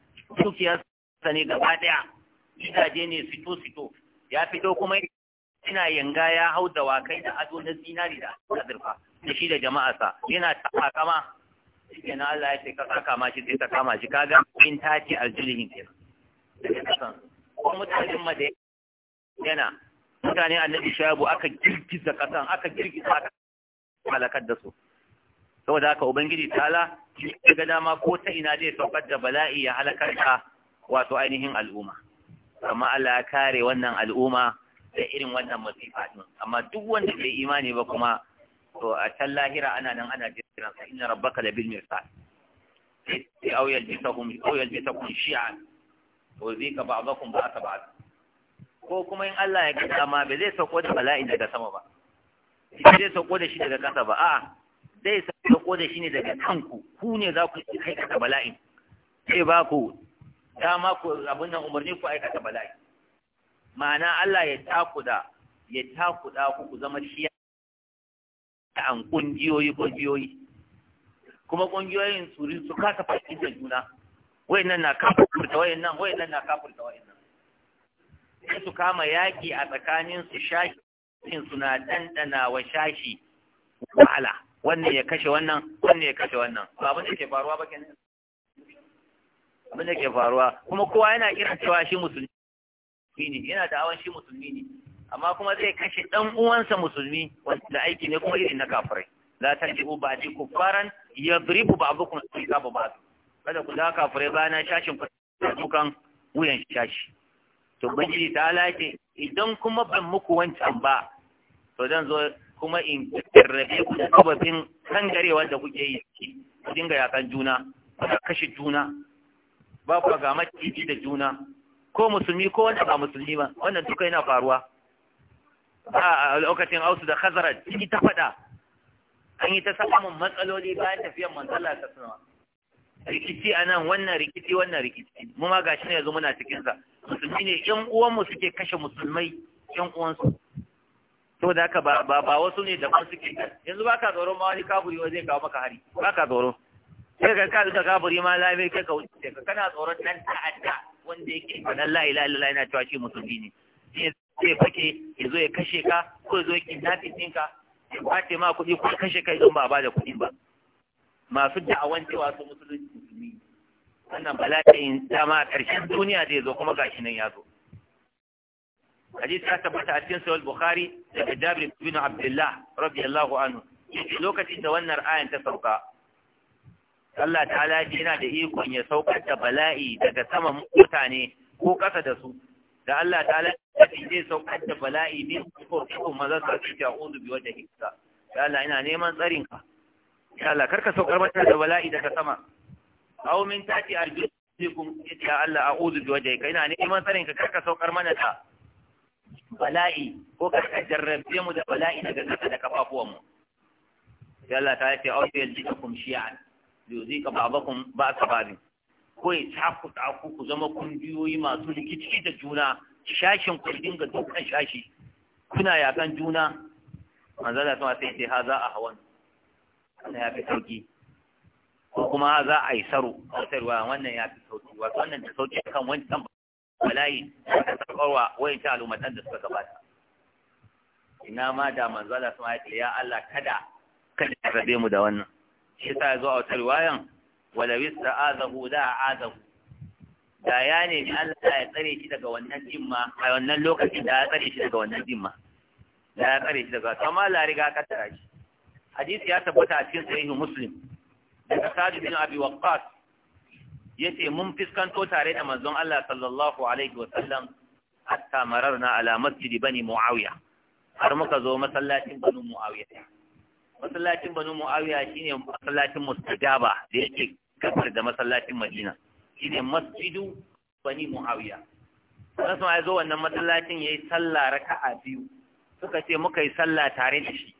dukiyar sa ne gaba ɗaya gidaje ne fito fito ya fito kuma ina yanga ya hau da wakai da ado na zinari da azurfa da shi da jama'arsa yana ta kama shi na Allah ya ce ka sa kama shi sai ta kama shi ga in ta ce aljilihin kenan ko kasan ko mutanen yana mutane annabi shabu aka girgiza kasan aka girgiza aka malakar da su saboda haka ubangiji tala, ya ga dama ko ta ina zai saukar da bala'i ya halakar da wato ainihin al'umma amma Allah ya kare wannan al'umma da irin wannan masifa din amma duk wanda bai imani ba kuma to a can lahira ana nan ana jiran sa inna rabbaka labil mirsad sai au yalbisahum au yalbisakum shi'an wazika ba'dakum ba'sa ba'd ko kuma in Allah ya ga ma ba zai sako da bala'i daga sama ba ba zai sako da shi daga kasa ba a'a zai sako da shi ne daga kanku ku ne za ku aikata bala'in Sai ba ku dama ku abin nan umarni ku aikata bala'i ma'ana Allah ya takuda ya takuda ku ku zama shi an kungiyoyi kungiyoyi kuma kungiyoyin su su kasa fahimtar juna Wai nan na nan wai nan na wai nan. sai su kama yaki a tsakanin su shashi suna dandana wa shashi wahala wannan ya kashe wannan wannan ya kashe wannan ba abin da ke faruwa ba kenan abin da ke faruwa kuma kowa yana kiran cewa shi musulmi ne yana da awan shi musulmi ne amma kuma zai kashe dan uwansa musulmi wanda aiki ne kuma irin na kafirai la tajibu ba'di kufaran yadribu ba'dukum bi ba'd kada ku zaka fure bana shashin dukan wuyan shashi to ubangiji ta lace idan kuma ban muku wancan ba to zan zo kuma in rarrabe ku da sababin kangarewar da kuke yi ku dinga yakan juna ka kashe juna ba ku ga maciji da juna ko musulmi ko wanda ba musulmi ba wannan duka yana faruwa a lokacin ausu da khazara ki ta faɗa an yi ta samun matsaloli bayan tafiyar manzala ta sunawa rikici a nan wannan rikici wannan rikici mu ma gashi ne yanzu muna cikin sa musulmi ne ƴan uwanmu suke kashe musulmai ƴan uwansu saboda haka ba ba, ba wasu ne ba suke yanzu baka tsoro ma wani kafuri wa zai kawo maka hari baka tsoro sai ka kai ka kafuri ma lafiya kai ka wuce ka kana tsoron dan ta'adda wanda yake faɗan la ilaha illallah yana cewa shi musulmi ne sai zai fake ya zo ya kashe ka ko ya zo ya kidnapping ɗinka ya kwace ma kuɗi ko ya kashe kai don ba ba da kuɗi ba masu da'awan cewa su musulunci musulmi wannan bala'in dama a ƙarshen duniya zai zo kuma gashi nan ya zo hadisi ya tabbata a cikin sahih bukhari daga jabir ibn abdullah radiyallahu anhu lokacin da wannan ayan ta sauka Allah ta'ala ji yana da ikon ya saukar da bala'i daga sama mutane ko ƙasa da su da Allah ta'ala ji zai saukar da bala'i ne ko kuma maza su ce bi wajhika ya Allah ina neman tsarin ka ya Allah karka saukar mata da bala'i daga sama aw min tati arjulikum ya Allah a'udhu bi wajhika ina neman tsarin ka karka saukar mana da bala'i ko karka jarrabe mu da bala'i daga kasa da kafafuwan mu ya Allah ta ce aw yajidukum shi'an yuzika ba'dakum ba'sa ba'din ko ya takuta ku ku zama kungiyoyi masu rikici da juna shashin ku dinga dukkan shashi kuna yakan juna manzala suna sai ce haza a hawan wannan ya fi sauki ko kuma za a yi saro a wasarwa wannan ya fi sauki Wasu wannan da sauki kan wani wancan balayi da sarkarwa wani ta alumatan da suka gabata ina ma da manzo Allah sama ya ya Allah kada kada ya rabe mu da wannan shi sa zo a wata riwayan wala wista azahu da azahu da ya ne Allah ya tsare shi daga wannan jimma a wannan lokacin da ya tsare shi daga wannan jimma da ya tsare shi daga kamar la riga ka tara shi hadisi ya tabbata a cikin sahihu muslim daga sa'ad bin abi waqqas yace mun fiskanto tare da manzon Allah sallallahu alaihi wa sallam hatta mararna ala masjid bani muawiya har muka zo masallacin bani muawiya masallacin bani muawiya shine masallacin mustajaba da yake kafar da masallacin madina shine masjidu bani muawiya sai ya zo wannan masallacin yayi sallah raka'a biyu suka ce muka yi sallah tare da shi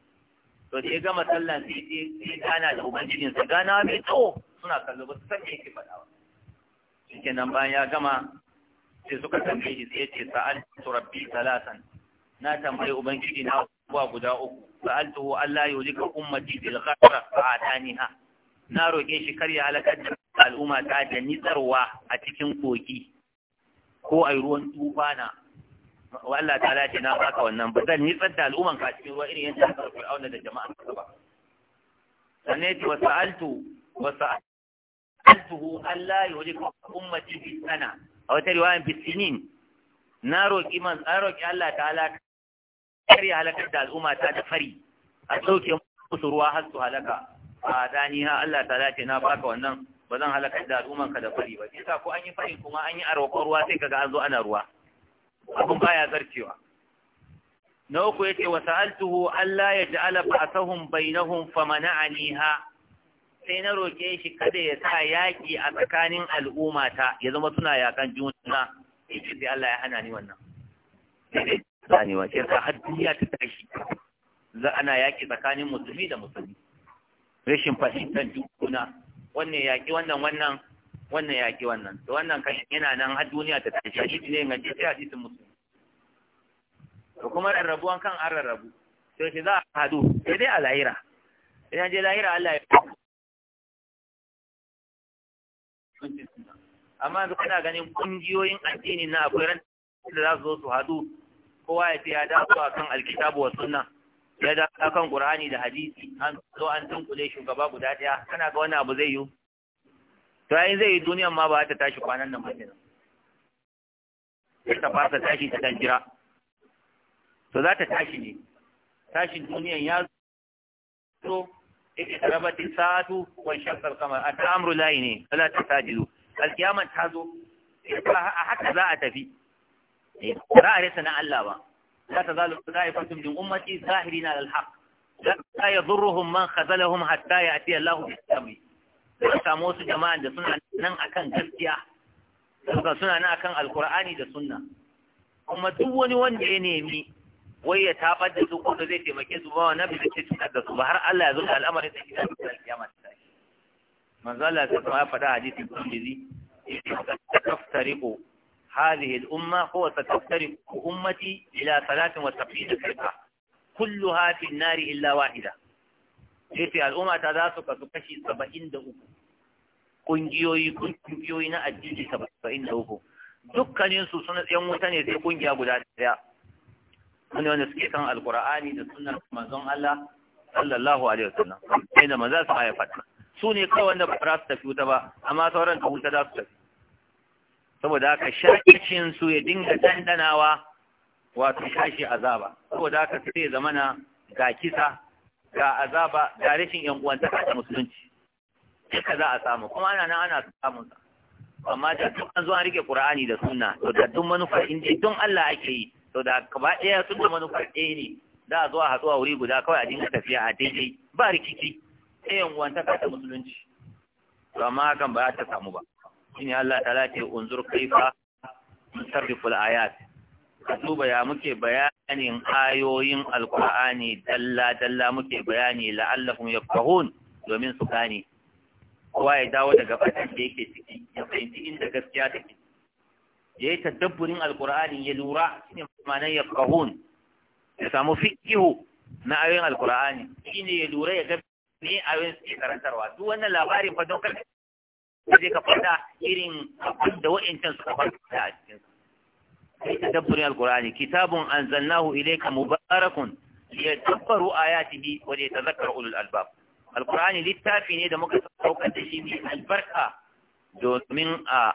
to sai gama sallah sai sai gana da sai gana mai tsawo suna kallo ba su san me yake faɗa ba nan bayan ya gama sai suka tambaye shi sai ya sa'al sa'altu rabbi talatan na tambaye ubangiji na kuwa guda uku sa'altuhu Allah yulika ummati bil khara fa'ataniha na roke shi kar ya halaka da al'umma ta da nitsarwa a cikin koki ko ai ruwan tufana wa Allah ta'ala ce na baka wannan ba zan nitsar da al'umman ka cikin ruwa irin yadda aka fir'auna da jama'a ka ba sannan ce wasu wa wasu hu Allah ya wuri ummati bi sana a wata riwaya bi sinin na roƙi man an roƙi Allah ta'ala kar ya halaka da al'umma ta da fari a sauke musu ruwa har su halaka a dani ha Allah ta'ala ce na baka wannan ba zan halaka da al'umman ka da fari ba kisa ko an yi fari kuma an yi a ruwa sai kaga an zo ana ruwa abin baya zarcewa na uku yace wa sa'altuhu alla yaj'ala ba'sahum bainahum famana'aniha sai na roke shi kada ya sa yaki a tsakanin al'umma ta ya zama suna yakan juna yace sai Allah ya hana ni wannan sai ne wace ta har duniya ta tashi za ana yaki tsakanin musulmi da musulmi rashin fahimtar juna wannan yaki wannan wannan wannan ya ki wannan to wannan kan yana nan har duniya ta tafi. hadisi ne ga sai hadisin musulmi to kuma rarrabuwan kan an rarrabu to shi za a hadu sai dai a lahira idan je lahira Allah ya amma yanzu kana ganin kungiyoyin addini na akwai ran da za su zo su hadu kowa ya ce ya dawo a kan alkitabu wa sunna ya dawo a kan qur'ani da hadisi an zo an tunkule shugaba guda daya kana ga wani abu zai yiwu to yayin zai yi duniyan ma ba ta tashi kwanan nan mai nan ta fasa tashi ta dan to za ta tashi ne tashin duniyan ya so ita tarabatin satu wa shakar kamar a ta layi ne ala ta sajizu alkiyaman ta zo a haka za a tafi eh, za a resa na Allah ba za ta zalu za a fasim din ummati zahiri na alhaq za a yi zurruhun man khazalahum hatta ya ati Allah bi ka samu wasu jama'a da suna nan akan gaskiya suka suna nan akan alkur'ani da sunna kuma duk wani wanda ya nemi wai ya tabar da su ko zai taimake su ba wannan bisa ce cutar da su ba har Allah ya zo da al'amarin da gidan da kiyama ta tashi manzo Allah sai kuma ya faɗa hadisin Tirmidhi taftariqu hadhihi al-umma huwa taftariqu ummati ila salatin 73 firqa kulluha fi an Nari illa wahida yace al'umma ta za su kasu kashi saba'in da uku ƙungiyoyi ƙungiyoyi na addini saba'in da uku dukkanin su suna tsayan wuta ne sai ƙungiya guda daya wani wanda suke kan alqur'ani da sunan manzon Allah sallallahu alaihi wasallam sai da maza su haya fata su ne kawai wanda ba za su tafi wuta ba amma sauran ta wuta za su tafi saboda haka shakicin su ya dinga dandanawa wato shashi azaba saboda haka sai zamana ga kisa ga azaba ga rashin yan uwan da musulunci duka za a samu kuma ana nan ana samun sa amma da duk an zo an rike Qur'ani da Sunna to da duk manufa in dai don Allah ake yi to da kaba ɗaya sun da manufa ɗaya ne za a zo a hatsuwa a wuri guda kawai a dinga tafiya a daidai ba rikici Sai yan uwan ta musulunci to amma hakan ba ta samu ba shine Allah ta lati unzur kaifa musarrifu al-ayat ka duba ya muke bayanin ayoyin alkur'ani dalla dalla muke bayani la'allahum yafqahun domin su gane kowa ya dawo daga fatan da yake ciki ya fahimci inda gaskiya take ya yi tattabburin alkur'ani ya lura shine ma'anar yafqahun ya samu fikihu na ayoyin alkur'ani shine ya lura ya ga ne ayoyin suke karantarwa duk wannan labarin fa don kar ka je ka fada irin abin da wa'ancan suka fada a cikinsu? kai tadabburi alqur'ani kitabun anzalnahu ilayka mubarakun liyadabbaru ayatihi wa liyatadhakkaru ulul albab alqur'ani littafi ne da muka sauka da shi mai albarka domin a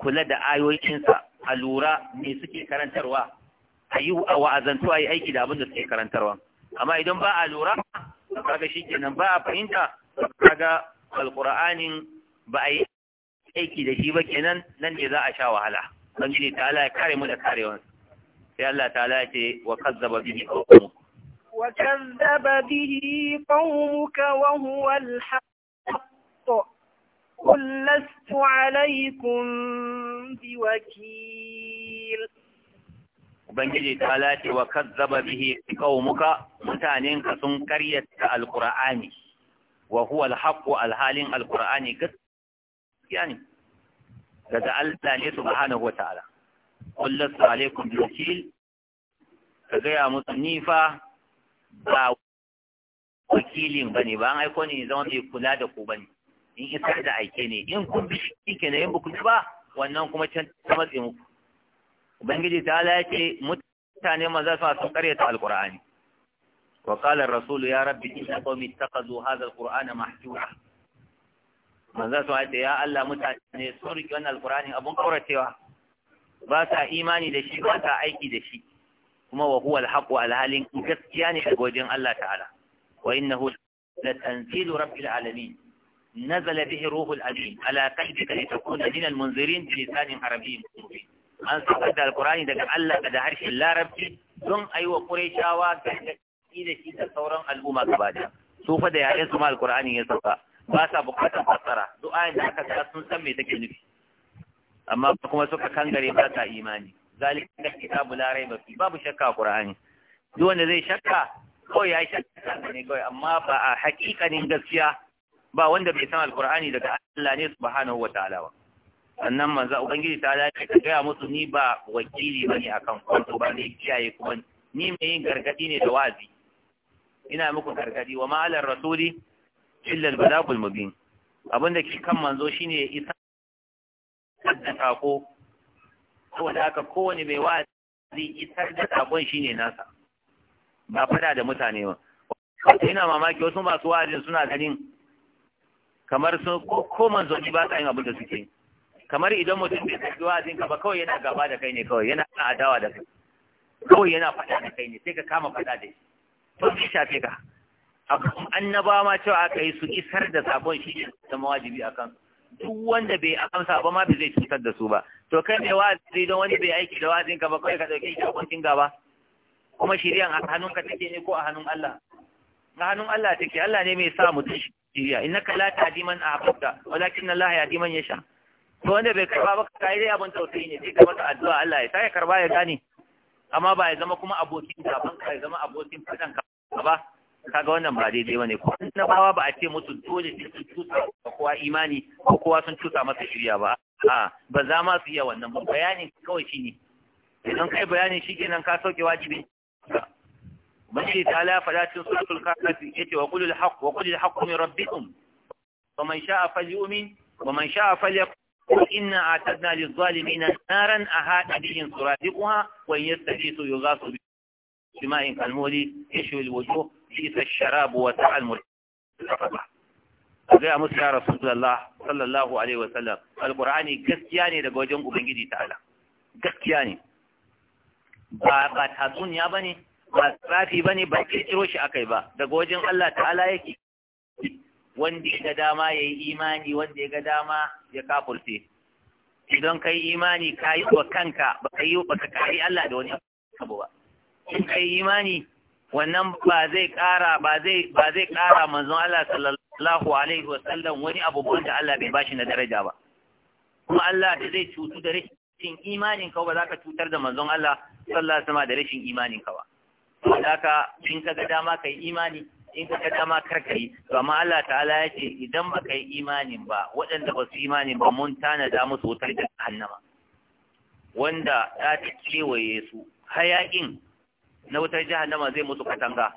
kula da ayoyin a lura ne suke karantarwa a yi wa'azantu a yi aiki da abin suke karantarwa amma idan ba a lura kaga shi kenan ba a fahimta kaga alqur'anin ba a yi aiki da shi ba kenan nan ne za a sha wahala ubangiji ta Allah ya kare mu da karewan sai Allah ta Allah ce wa kazzaba bihi qawmuka wa kazzaba bihi qawmuka wa huwa al-haqq qul lastu alaykum biwakil ubangiji ta Allah ce wa kazzaba bihi qawmuka mutanenka sun karyata alqur'ani wa huwa al-haqq alhalin alqur'ani gaskiya ne daga Allah ne subhanahu wa ta'ala kullu alaikum bi wakil ka gaya musu ni fa ba wakilin bane ba an aiko ni zama mai kula da ku bane in isa da aike ne in kun bi shi ke ne in ba ku ba wannan kuma can ta matse muku ubangiji ta ala ce mutane maza su sun karyata alqur'ani wa qala ar-rasul ya rabbi inna qaumi ittakhadhu hadha al mahjura manzo sai ce ya Allah mutane sun riƙe wannan alqur'ani abun kauracewa ba sa imani da shi ba sa aiki da shi kuma wa huwa alhaqu alhalin gaskiya ne a wajen Allah ta'ala wa innahu tanzilu rabbil alamin ruhul به ala الأمين على takuna min almunzirin المنذرين lisan arabiy مبين an saukar da alkurani daga Allah da harshen larabci don a yi wa da shi da sauran al'umma gaba da su fa da yayin su ma alkurani ya sauka ba sa bukatar fassara du'ayin da aka sa sun san me take nufi amma kuma suka kangare ba sa imani zalika kitabu la raiba fi babu shakka qur'ani duk wanda zai shakka ko ya shakka ne kai. amma ba a hakikanin gaskiya ba wanda bai san alqur'ani daga Allah ne subhanahu wataala ba sannan manzo ubangiji ta dace ka gaya musu ni ba wakili bane akan kwanto ba ne kiyaye kuma ni mai yin gargadi ne da wazi ina muku gargadi wa ma rasuli illal balagul mubin abinda ke kan manzo shine ya isa da sako saboda haka kowane mai wa'azi isar da sakon shine nasa ba fada da mutane ba wata yana mamaki wasu masu wa'azin suna ganin kamar su ko manzo ji ba sa yin abinda suke kamar idan mutum bai sai wa'azin ka ba kawai yana gaba da kai ne kawai yana adawa da kai kawai yana fada da kai ne sai ka kama fada da shi to shi shafe ka annaba ma cewa aka yi su isar da sabon shi zama wajibi a kansu duk wanda bai amsa ba ma bai zai cutar da su ba to kai mai wa'azi don wani bai aiki da wa'azin ba kawai ka dauke shi kwancin gaba kuma shiriyan a hannun ka take ne ko a hannun Allah a hannun Allah take Allah ne mai sa mutum shiriya innaka la tahdi a ahbabta walakin Allah yahdi ya sha. to wanda bai karba ba yi dai abin tausayi ne sai ka masa addu'a Allah ya sa ya karba ya gane amma ba ya zama kuma abokin gaban ka ya zama abokin fadan ka ba kaga wannan ba daidai bane ko annabawa ba a ce musu dole sai sun tusa ba kowa imani ko kowa sun tusa masa shirya ba a ba za ma su iya wannan ba bayanin kawai shine idan kai bayanin shi kenan ka sauke wajibi ubangiji ta la faɗa cikin suratul kafi yace wa qulil haqq wa qulil haqqu min rabbikum faman sha'a falyu'min waman sha'a falyakfur inna a'tadna liz-zalimina naran ahata bihim suradiquha wa shima yughasu bima'in kalmuli yashwi al-wujuh bisa الشراب وسع ta'al murtafa a gaya musu ya rasulullah sallallahu alaihi wasallam alqur'ani gaskiya ne daga wajen ubangiji ta'ala gaskiya ne ba ba بني ba tsafi bane ba kirkiro shi akai ba daga wajen Allah wanda ya ga dama yayi imani wanda ya ga dama ya kafurce idan kai imani ka yi wa kanka ba ka yi ba ka kari Allah da wani abu ba in kai imani wannan ba zai ƙara ba zai ba zai ƙara manzon Allah sallallahu alaihi wasallam wani abu da Allah bai bashi na daraja ba kuma Allah da zai cutu da rashin imanin ka ba za ka cutar da manzon Allah sallallahu alaihi wasallam da rashin imanin ka ba saboda haka in ka ga dama kai imani in ka ga dama kar kai to amma Allah ta'ala ya ce idan ba kai imanin ba waɗanda ba su imanin ba mun tana da musu wutar jahannama wanda ta waye su hayakin na wutar jahannama zai mutu katanga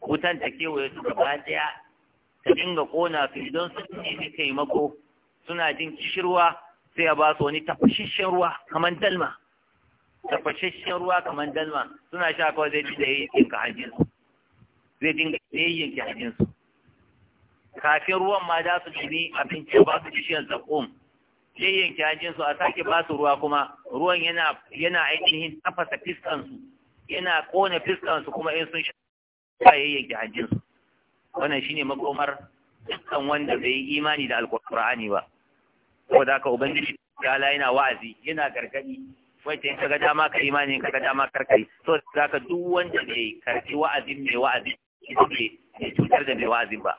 wutan ta kewaye su gaba daya ta dinga kona su idan sun nemi taimako suna jin kishirwa sai ya ba su wani tafashashen ruwa kamar dalma tafashashen ruwa kamar dalma suna sha kawai zai dinga yayyanka hajjinsu zai dinga yayyanka hajjinsu kafin ruwan ma za su nemi abinci ba su bishiyar zakkum yayyanka hajjinsu a sake ba su ruwa kuma ruwan yana yana ainihin tafasa fiskansu yana kone fiskansu kuma in sun sha yayyake hajjinsu wannan shi ne makomar fiskan wanda bai yi imani da alkur'ani ba Ko uban haka ubangiji ta'ala yana wa'azi yana gargadi wacce in kaga dama ka imani kaga dama karkari, so ka duk wanda bai karki wa'azin mai wa'azi mai cutar da mai wa'azin ba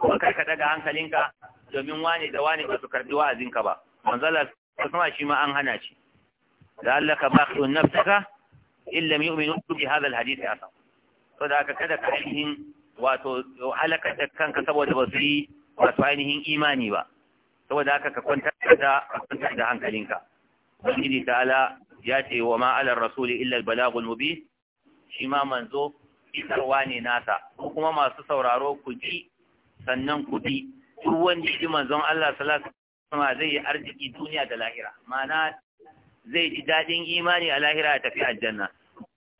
kuma kar ka daga hankalinka domin wane da wane ba su karbi wa'azinka ba manzala kuma shi ma an hana shi ba su nafsaka in lam yu'minu bi hadha alhadith ya sa to haka kada ka ainihin wato halaka da kanka saboda ba su yi wato ainihin imani ba saboda haka ka kwantar da kwantar da hankalinka ubangiji ta'ala ya ce wa ma ala rasul illa al shi ma manzo isarwa ne nasa ko kuma masu sauraro ku ji sannan ku bi duk wanda ji manzon Allah sallallahu alaihi wasallam zai yi arziki duniya da lahira ma'ana zai ji daɗin imani a lahira a tafi aljanna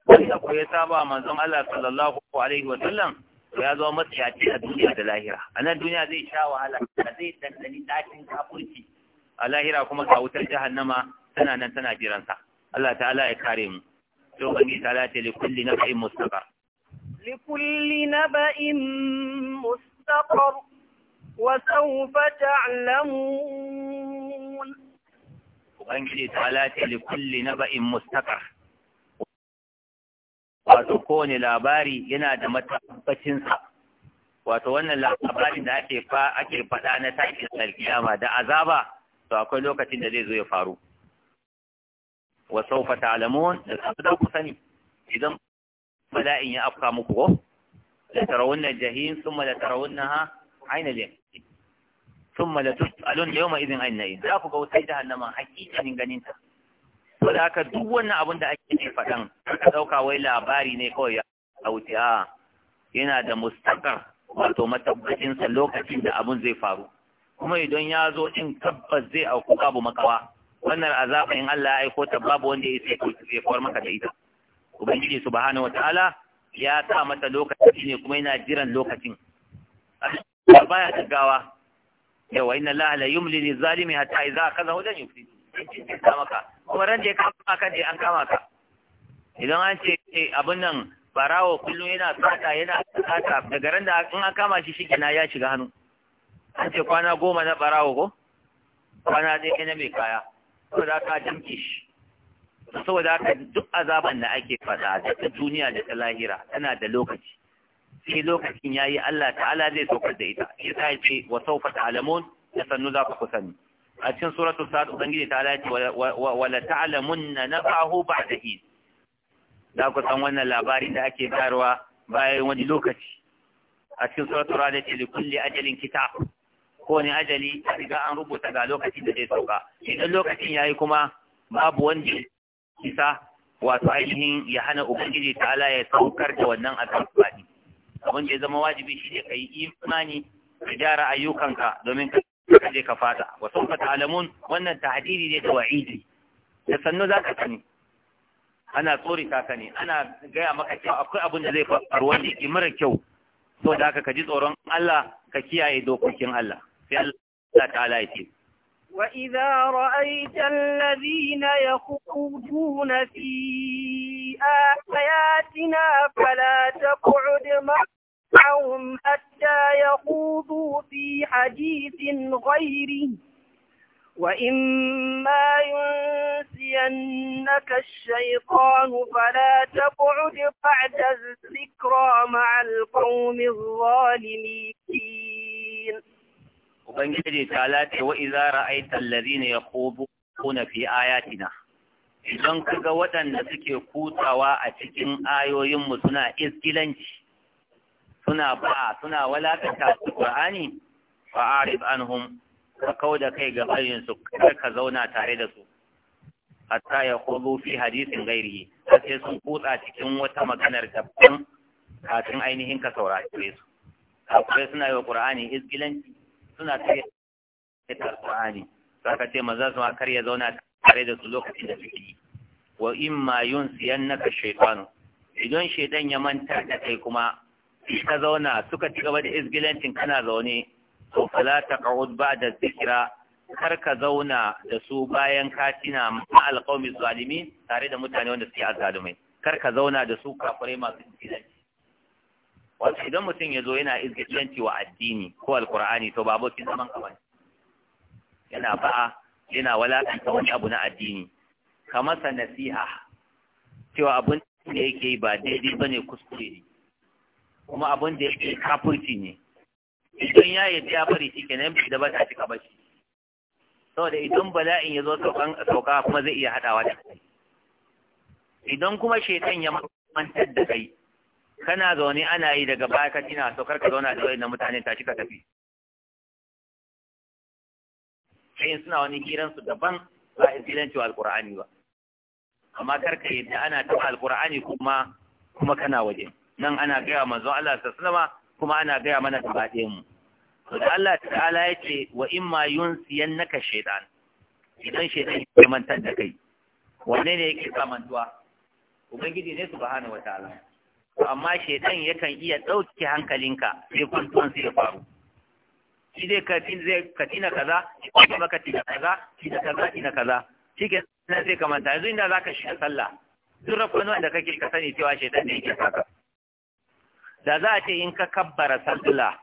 wanda ko ya saba manzon Allah sallallahu alaihi wa sallam ya zo ce a duniya da lahira a nan duniya zai sha wahala zai dandani ɗakin kafurci a lahira kuma ga wutar jahannama tana nan tana jiransa Allah ta'ala ya kare mu to bangi ta'ala ce likulli naba'in mustaqar likulli naba'in mustaqar wa sawfa ta'lamun ubangiji ta li kulli naba'in mustaqar wato kowane labari yana da matabbacin sa wato wannan labarin da ake fa ake faɗa na tashin alkiyama da azaba to akwai lokacin da zai zo ya faru wa sawfa ta'lamun da ku sani idan bala'in ya afka muku ko la tarawunna jahim thumma la tarawunnaha aina lin ثم لتسألن يوم إذن عن نعيم za ku ga wutar jahannama hakikanin ganinta to da haka duk wannan abun da ake faɗan ka ɗauka wai labari ne kawai ya wuce a yana da mustaqar wato matabbacinsa lokacin da abun zai faru kuma idan ya zo in tabbas zai auku babu makawa wannan azaba in Allah ya aiko ta wanda ya sai zai kawar maka da ita ubangiji subhanahu wataala ya sa mata lokaci ne kuma yana jiran lokacin Allah baya gaggawa yawa inna allaha la yi lil zalimi hatta idza akazahu lan yuflid kama ka kuma ran da ya kama ka da an kama ka idan an ce eh, abin nan barawo kullum yana tsada yana tsada daga ran da in an kama shi shi na ya shiga hannu an ce kwana goma na barawo ko kwana kai na mai kaya za ka damke shi saboda haka duk azaban da ake faɗa da duniya da ta lahira tana da lokaci sai lokacin ya yi Allah ta'ala zai saukar da ita yasa ya ce wa sawfa ta'alamun ya sannu za ku kusan a cikin suratul sa'ad ubangiji ta ce wa la ta'lamunna nafahu ba'da hid za ku san wannan labari da ake bayarwa bayan wani lokaci a cikin suratul ra'd ce li kulli ajalin kitab ko ne ajali a riga an rubuta ga lokacin da zai sauka idan lokacin yayi kuma babu wanda kisa wato ainihin ya hana ubangiji ta'ala ya saukar da wannan azabani abin da ya zama wajibi shi ne ka yi imani ka gyara ayyukanka domin ka je ka fata wa sun fata alamun wannan tahdidi ne ta wa'idi da sannu za ka sani ana tsori ta sani ana gaya maka cewa akwai abin da zai faru wanda ke mara kyau so da haka ka ji tsoron Allah ka kiyaye dokokin Allah sai Allah ta'ala ya ce وإذا رأيت الذين يخوضون fi. آياتنا فلا تقعد معهم حتى يخوضوا في حديث غيره وإما ينسينك الشيطان فلا تقعد بعد الذكرى مع القوم الظالمين وبنجد تعالى وإذا رأيت الذين يخوضون في آياتنا idan kaga waɗanda suke kutsawa a cikin ayoyinmu suna iskilanci suna ba suna walakata su Qur'ani fa'arif anhum ka da kai ga bayin su kar ka zauna tare da su hatta ya khudu fi hadisin gairi Ka sai sun kutsa cikin wata maganar daban kafin ainihin ka saurare su akwai suna yi wa Qur'ani iskilanci suna tare da Qur'ani saka ce maza su kar ya zauna tare da su lokacin da suke wa in ma yun siyan naka shaitanu idan shaitan ya manta da kai kuma ka zauna suka ci gaba da izgilancin kana zaune to fala ba ba'da zikra kar ka zauna da su bayan ka tina ma alqawmi zalimi tare da mutane wanda suke azalumai kar ka zauna da su kafirai masu izgilanci wato idan mutum ya zo yana izgilanci wa addini ko alqur'ani to babu kin zaman kamar yana ba'a yana walakanta wani abu na addini ka masa nasiha cewa abin da yake yi ba daidai ba ne kuskure ne kuma abin da yake kafurci ne idan ya yi ya bari shi kenan nan da ba ta cika ba shi saboda idan bala'in ya zo sauka kuma zai iya haɗawa da kai idan kuma shaitan ya mantar da kai kana zaune ana yi daga baya ka tina saukar ka zauna da wayannan mutane ta cika tafi in suna wani hiran su daban ba a isilanci cewa alkur'ani ba amma kar ka yadda ana ta alkur'ani kuma kuma kana waje nan ana gaya manzo Allah sallama kuma ana gaya mana gaba mu to da Allah ta'ala yace wa imma yunsiyannaka shaytan idan shaytan ya manta da kai wanne ne yake kamantuwa ubangiji ne subhanahu wataala amma shaytan yakan iya dauke hankalinka sai kwantuwan sai ya faru shi zai katin zai katina kaza shi kuma ka tina kaza shi da kaza tina kaza shi ke na zai kamanta yanzu inda za ka shiga sallah duk rafin wanda kake ka sani cewa shaitan ne yake saka da za a ce in ka kabbara sallah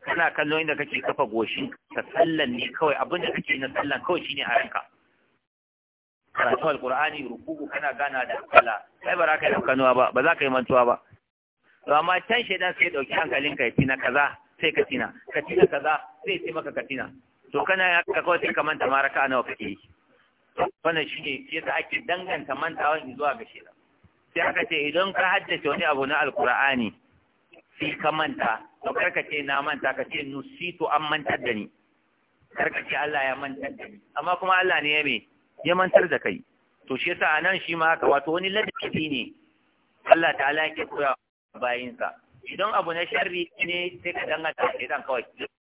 kana kallon inda kake kafa goshin ka sallan ne kawai abin da kake na sallan kawai shine a ranka karatu alqur'ani ruku'u kana gana da sallah sai ba za ka yi kanuwa ba ba za ka yi mantuwa ba amma can shaitan sai ɗauki dauki hankalinka ya fi na kaza sai ka tina ka tina kaza sai ce maka ka tina to kana ya ka kawai sai ka manta mara ka nawa kake yi wannan shine shi yasa ake danganta mantawa zuwa ga shela sai aka ce idan ka haddace wani abu na alqur'ani sai ka manta to karka ce na manta ka ce nusitu an mantar da ni ka ce Allah ya mantar da ni amma kuma Allah ne ya me ya mantar da kai to shi yasa anan shi ma haka wato wani ladabi ne Allah ta'ala yake koya bayinsa idan abu na sharri ne sai ka danganta idan kawai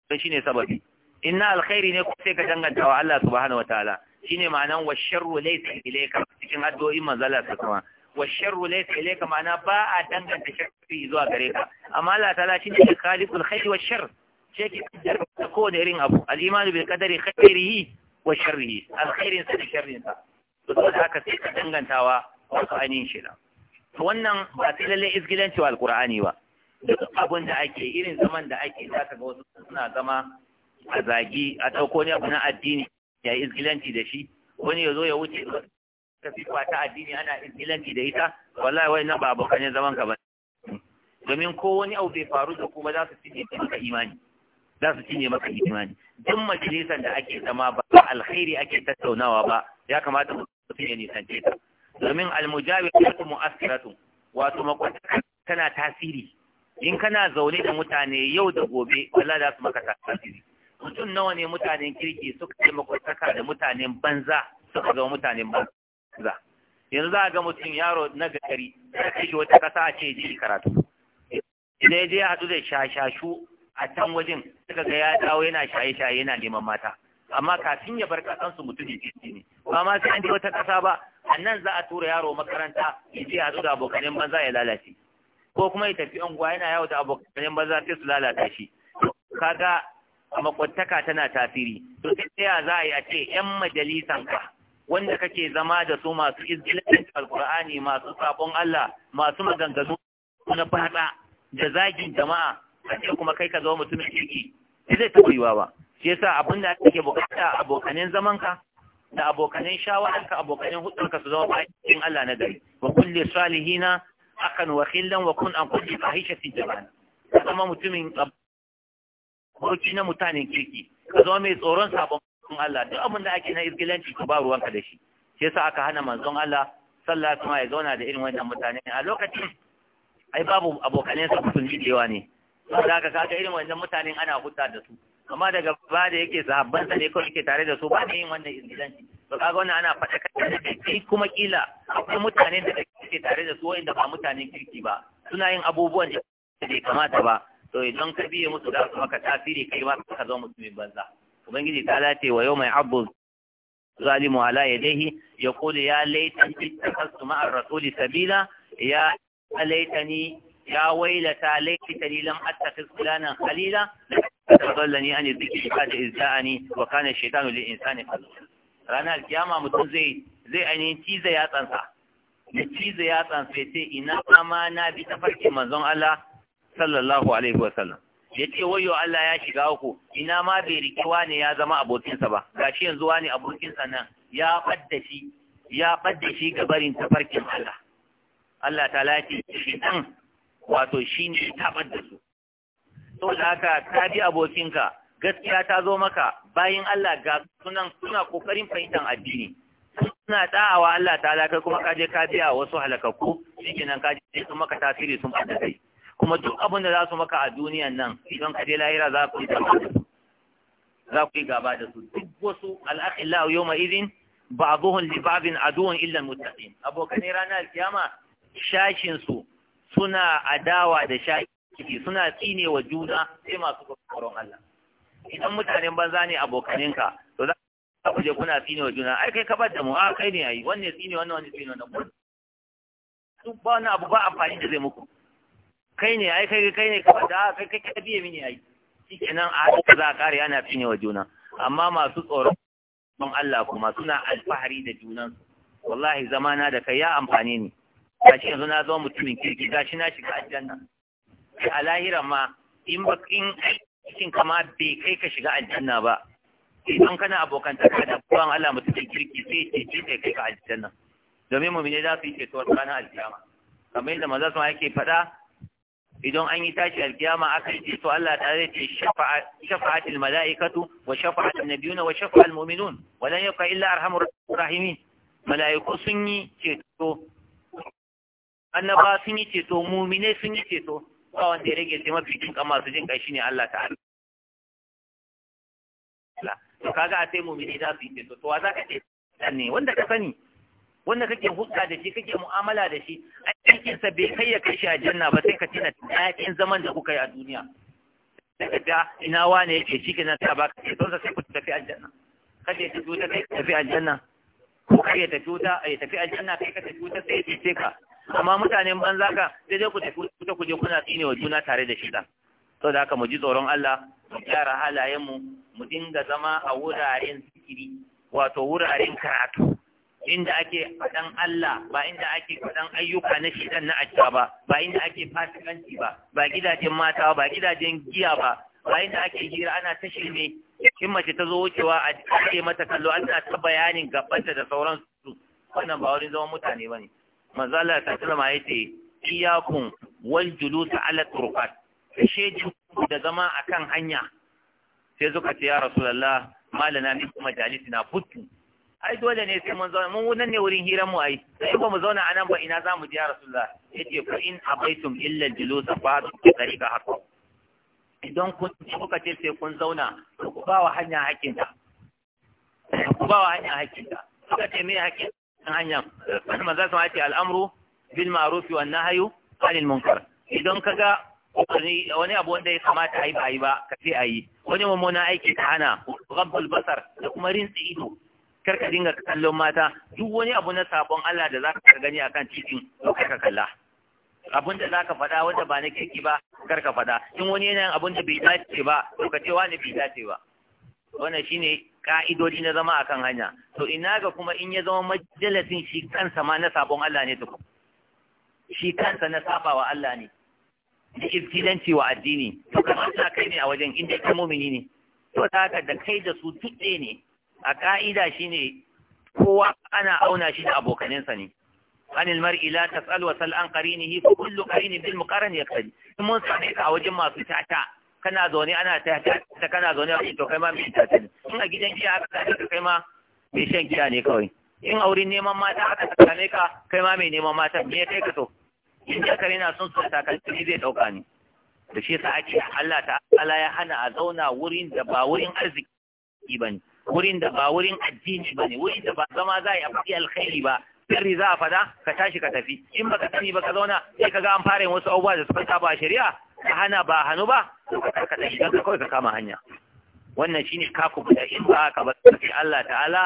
don shine sababi in na alkhairi ne ko sai ka danganta wa Allah subhanahu wataala shine ma'anan wa sharru laysa ilayka cikin addu'o'in manzo Allah kuma wa sharru laysa ilayka ma'ana ba a danganta sharri zuwa gare ka amma Allah ta'ala shine khaliqul khairi wa sharr shi ke da ne irin abu al-imanu bil qadari khairihi wa sharrihi alkhairin sa da sharri sa to haka sai ka dangantawa wa ainihin shi da wannan ba sai lalle izgilanci wa alqur'ani ba duk abin da ake irin zaman da ake za ka ga wasu suna zama a zagi a ɗauko ne abu na addini ya izgilanci da shi wani ya zo ya wuce ka sifa ta addini ana izgilanci da ita wallahi wai na babu abokan zaman ka ba domin ko wani abu bai faru da kuma za su cinye maka imani za su cinye maka imani duk majalisar da ake zama ba alkhairi ake tattaunawa ba ya kamata mu ya nisance ta domin almujawiratu mu'assiratu wato makwata tana tasiri in kana zaune da mutane yau da gobe Allah za su maka tasiri mutum nawa ne mutanen kirki suka yi makwataka da mutanen banza suka zama mutanen banza yanzu za a ga mutum yaro na gari ya kai wata kasa a ce ji karatu idan ya je ya haɗu da shashashu a can wajen suka ga ya dawo yana shaye-shaye yana neman mata amma kafin ya bar kasansu ya kirki ne ba ma sai an wata kasa ba a nan za a tura yaro makaranta ya je ya haɗu da abokanin banza ya lalace ko kuma ya tafi unguwa yana yawo da abokan banza sai su lalata shi kaga makwantaka tana tasiri to sai tsaya za a yi a ce yan majalisan ka wanda kake zama da su masu izgilancin alkur'ani masu sabon Allah masu maganganu na fada da zagin jama'a a ce kuma kai ka zama mutumin kirki sai zai taɓa yiwa ba shi yasa abin da ake bukata abokanin zamanka da abokanin shawararka abokanin hudunka su zama cikin Allah na gari wa kulli salihina akan wa wa kun an kulli fahishatin jaban kuma mutumin aboki na mutanen kirki ka zama mai tsoron sabon Allah duk abin da ake na izgilanci ka ba ruwanka da shi shi yasa aka hana manzon Allah sallallahu alaihi wasallam ya zauna da irin wannan mutane a lokacin ai babu abokanen sa musulmi da yawa ne saboda haka kaga irin wannan mutanen ana huta da su amma daga ba da yake sahabban sa ne ko yake tare da su ba ne yin wannan izgilanci to kaga wannan ana faɗa kai kai kuma kila akwai mutane da kake tare da su wanda ba mutanen kirki ba suna yin abubuwan da bai kamata ba to idan ka biye musu da su maka tasiri kai ma ka zama mutumin banza ubangiji ta lati wa yau mai abu zalimu ala yadayhi yaqulu ya laitani takhastu ma'ar rasuli sabila ya laitani ya wailata laitani lam attakhiz fulanan khalila فضلني عن الذكر بعد إذ جاءني وكان الشيطان للإنسان خذولا ranar alkiyama mutum zai zai ainihin ciza yatsansa ya ciza yatsansa ya ce ina ma na bi ta farki manzon Allah sallallahu alaihi wasallam ya ce wayo Allah ya shiga uku ina ma bai riki wani ya zama abokinsa ba gashi yanzu wani abokinsa nan ya fadda shi ya fadda shi ga barin farkin Allah Allah ta lati shi dan wato shi ne tabar da su to da haka ka bi abokinka gaskiya ta zo maka bayin Allah ga sunan suna kokarin fahimtar addini suna da'awa Allah ta kai kuma kaje ka biya wasu halakakku shikenan ka je sun maka tasiri sun fada kai kuma duk abin da za su maka a duniyan nan idan ka je lahira za ku yi gaba da su za ku yi gaba da su duk wasu al'akhillahu yawma idhin ba'dhuhum li ba'din aduwwun illa al-muttaqin abokan ranar alkiyama shashin su suna adawa da shaki suna tsinewa juna sai masu kokarin Allah idan mutanen banza ne abokaninka to za ku je kuna tsine wa juna ai kai ka bar da mu a kai ne yayi wanne tsine wannan wanne tsine wannan duk ba wani abu ba amfani da zai muku kai ne ai kai kai ne ka bar da kai kai ka biye mini yayi shikenan a haka za a kare ana tsine wa juna amma masu tsoron Allah kuma suna alfahari da junan. wallahi zamana da kai ya amfane ni gashi yanzu na zama mutumin kirki gashi na shiga aljanna a lahira ma in ba in cikin kama bai kai ka shiga aljanna ba idan kana abokantaka da kuwan Allah mutumin kirki sai ce ce sai kai ka aljanna domin mu'mini za su yi ceto a tsakanin alkiyama kamar yadda maza sun yake faɗa idan an yi tashi alkiyama aka yi to Allah ta zai ce shafa'atul mala'ikatu wa shafa'atul nabiyuna wa shafa'al mu'minun wa lan yabqa illa arhamur rahimin mala'iku sun yi ceto annaba sun yi ceto mu'mine sun yi ceto ba wanda ya rage sai mafi jin kama su jin kai shine Allah ta'ala to kaga a sai mu'mini za su yi to to wa za ka ce ne wanda ka sani wanda kake hudda da shi kake mu'amala da shi aikin sa bai kai ya kai shi a janna ba sai ka tuna aikin zaman da kuka yi a duniya daga da ina wane yake shi kenan ta baka sai don sai ku tafi aljanna kaje ta juta kai tafi aljanna ko kai ta juta ai tafi aljanna kai ka ta juta sai ya ce ka amma mutanen banza ka sai dai ku tafi ku je kuna tsine wa juna tare da shi da haka mu ji tsoron Allah mu gyara halayen mu mu dinga zama a wuraren zikiri wato wuraren karatu inda ake faɗan Allah ba inda ake faɗan ayyuka na dan na ajiya ba ba inda ake fasikanci ba ba gidajen mata ba gidajen giya ba ba inda ake hira ana ta shirme in mace ta zo wucewa a ce mata kallo ana ta bayanin gabanta da sauransu wannan ba wurin zaman mutane ba ne manzo Allah ta ma yace Iyakun, wal julus ala turqat kashe da zama akan hanya sai suka ce ya rasulullah malana min na futu ai dole ne sai mun zauna mun nan ne wurin hiran mu ai sai ba mu zauna anan ba ina zamu ji ya rasulullah yace fa in abaitum illa julus fa tariqa hakku idan kun kuka ce sai kun zauna ku ba wa hanya hakinta ku ba wa hanya hakinta suka ce me hakinta hanyar Maza sama yace al'amru bil na wan nahyu halin munkar idan ga wani abu wanda ya kamata a yi ba a yi ba ka ce a yi wani mummuna aiki ta hana rabbul basar da kuma rintsi ido kar ka dinga kallon mata duk wani abu na sabon Allah da za ka gani akan cikin to ka kalla abin da ka faɗa wanda ba na kirki ba kar ka faɗa in wani yana abin da bai dace ba to ka ce wani bai dace ba wannan shine ka'idodi na zama akan hanya to ina ga kuma in ya zama majalisin shi kansa ma na sabon Allah ne tukun shi kansa na saba wa Allah ne da iftilanci wa addini to kamar ta kai ne a wajen inda kai mu'mini ne to ta haka da kai da su tuɗe ne a ka'ida shine kowa ana auna shi da abokaninsa ne la tas'al wa sal an qarinihi kullu qarin bil بالمقارن yaqtadi mun same ka a wajen masu tata kana zaune ana ta ta kana zaune a to kai ma mai ta ne in a gidan giya aka ka kai ma mai shan giya ne kawai in aurin neman mata aka tsakane ka kai ma mai neman mata me ya kai ka so in ka kare na son su takalmi zai dauka ne da shi yasa ake Allah ta Allah ya hana a zauna wurin da ba wurin arziki ba ne, wurin da ba wurin addini ba ne, wurin da ba zama za a yi alkhairi ba sirri za a fada ka tashi ka tafi in baka sani ba ka zauna sai ka ga an fara wasu abubuwa da suka saba shari'a ka hana ba hannu ba ka tashi ka kawai ka kama hanya wannan shine ka kubuta in ba ka ba sai Allah ta'ala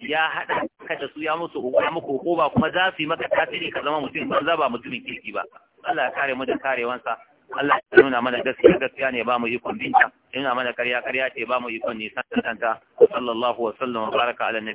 ya hada ka da su ya musu hukuma muku hukuma kuma za su yi maka tasiri ka zama mutum ba zaba mutumin kirki ba Allah ya kare mu da karewansa Allah ya nuna mana gaskiya gaskiya ne ba mu kun binta ya nuna mana karya karya ce ba mu ikon nisan tantanta sallallahu wa sallam wa baraka ala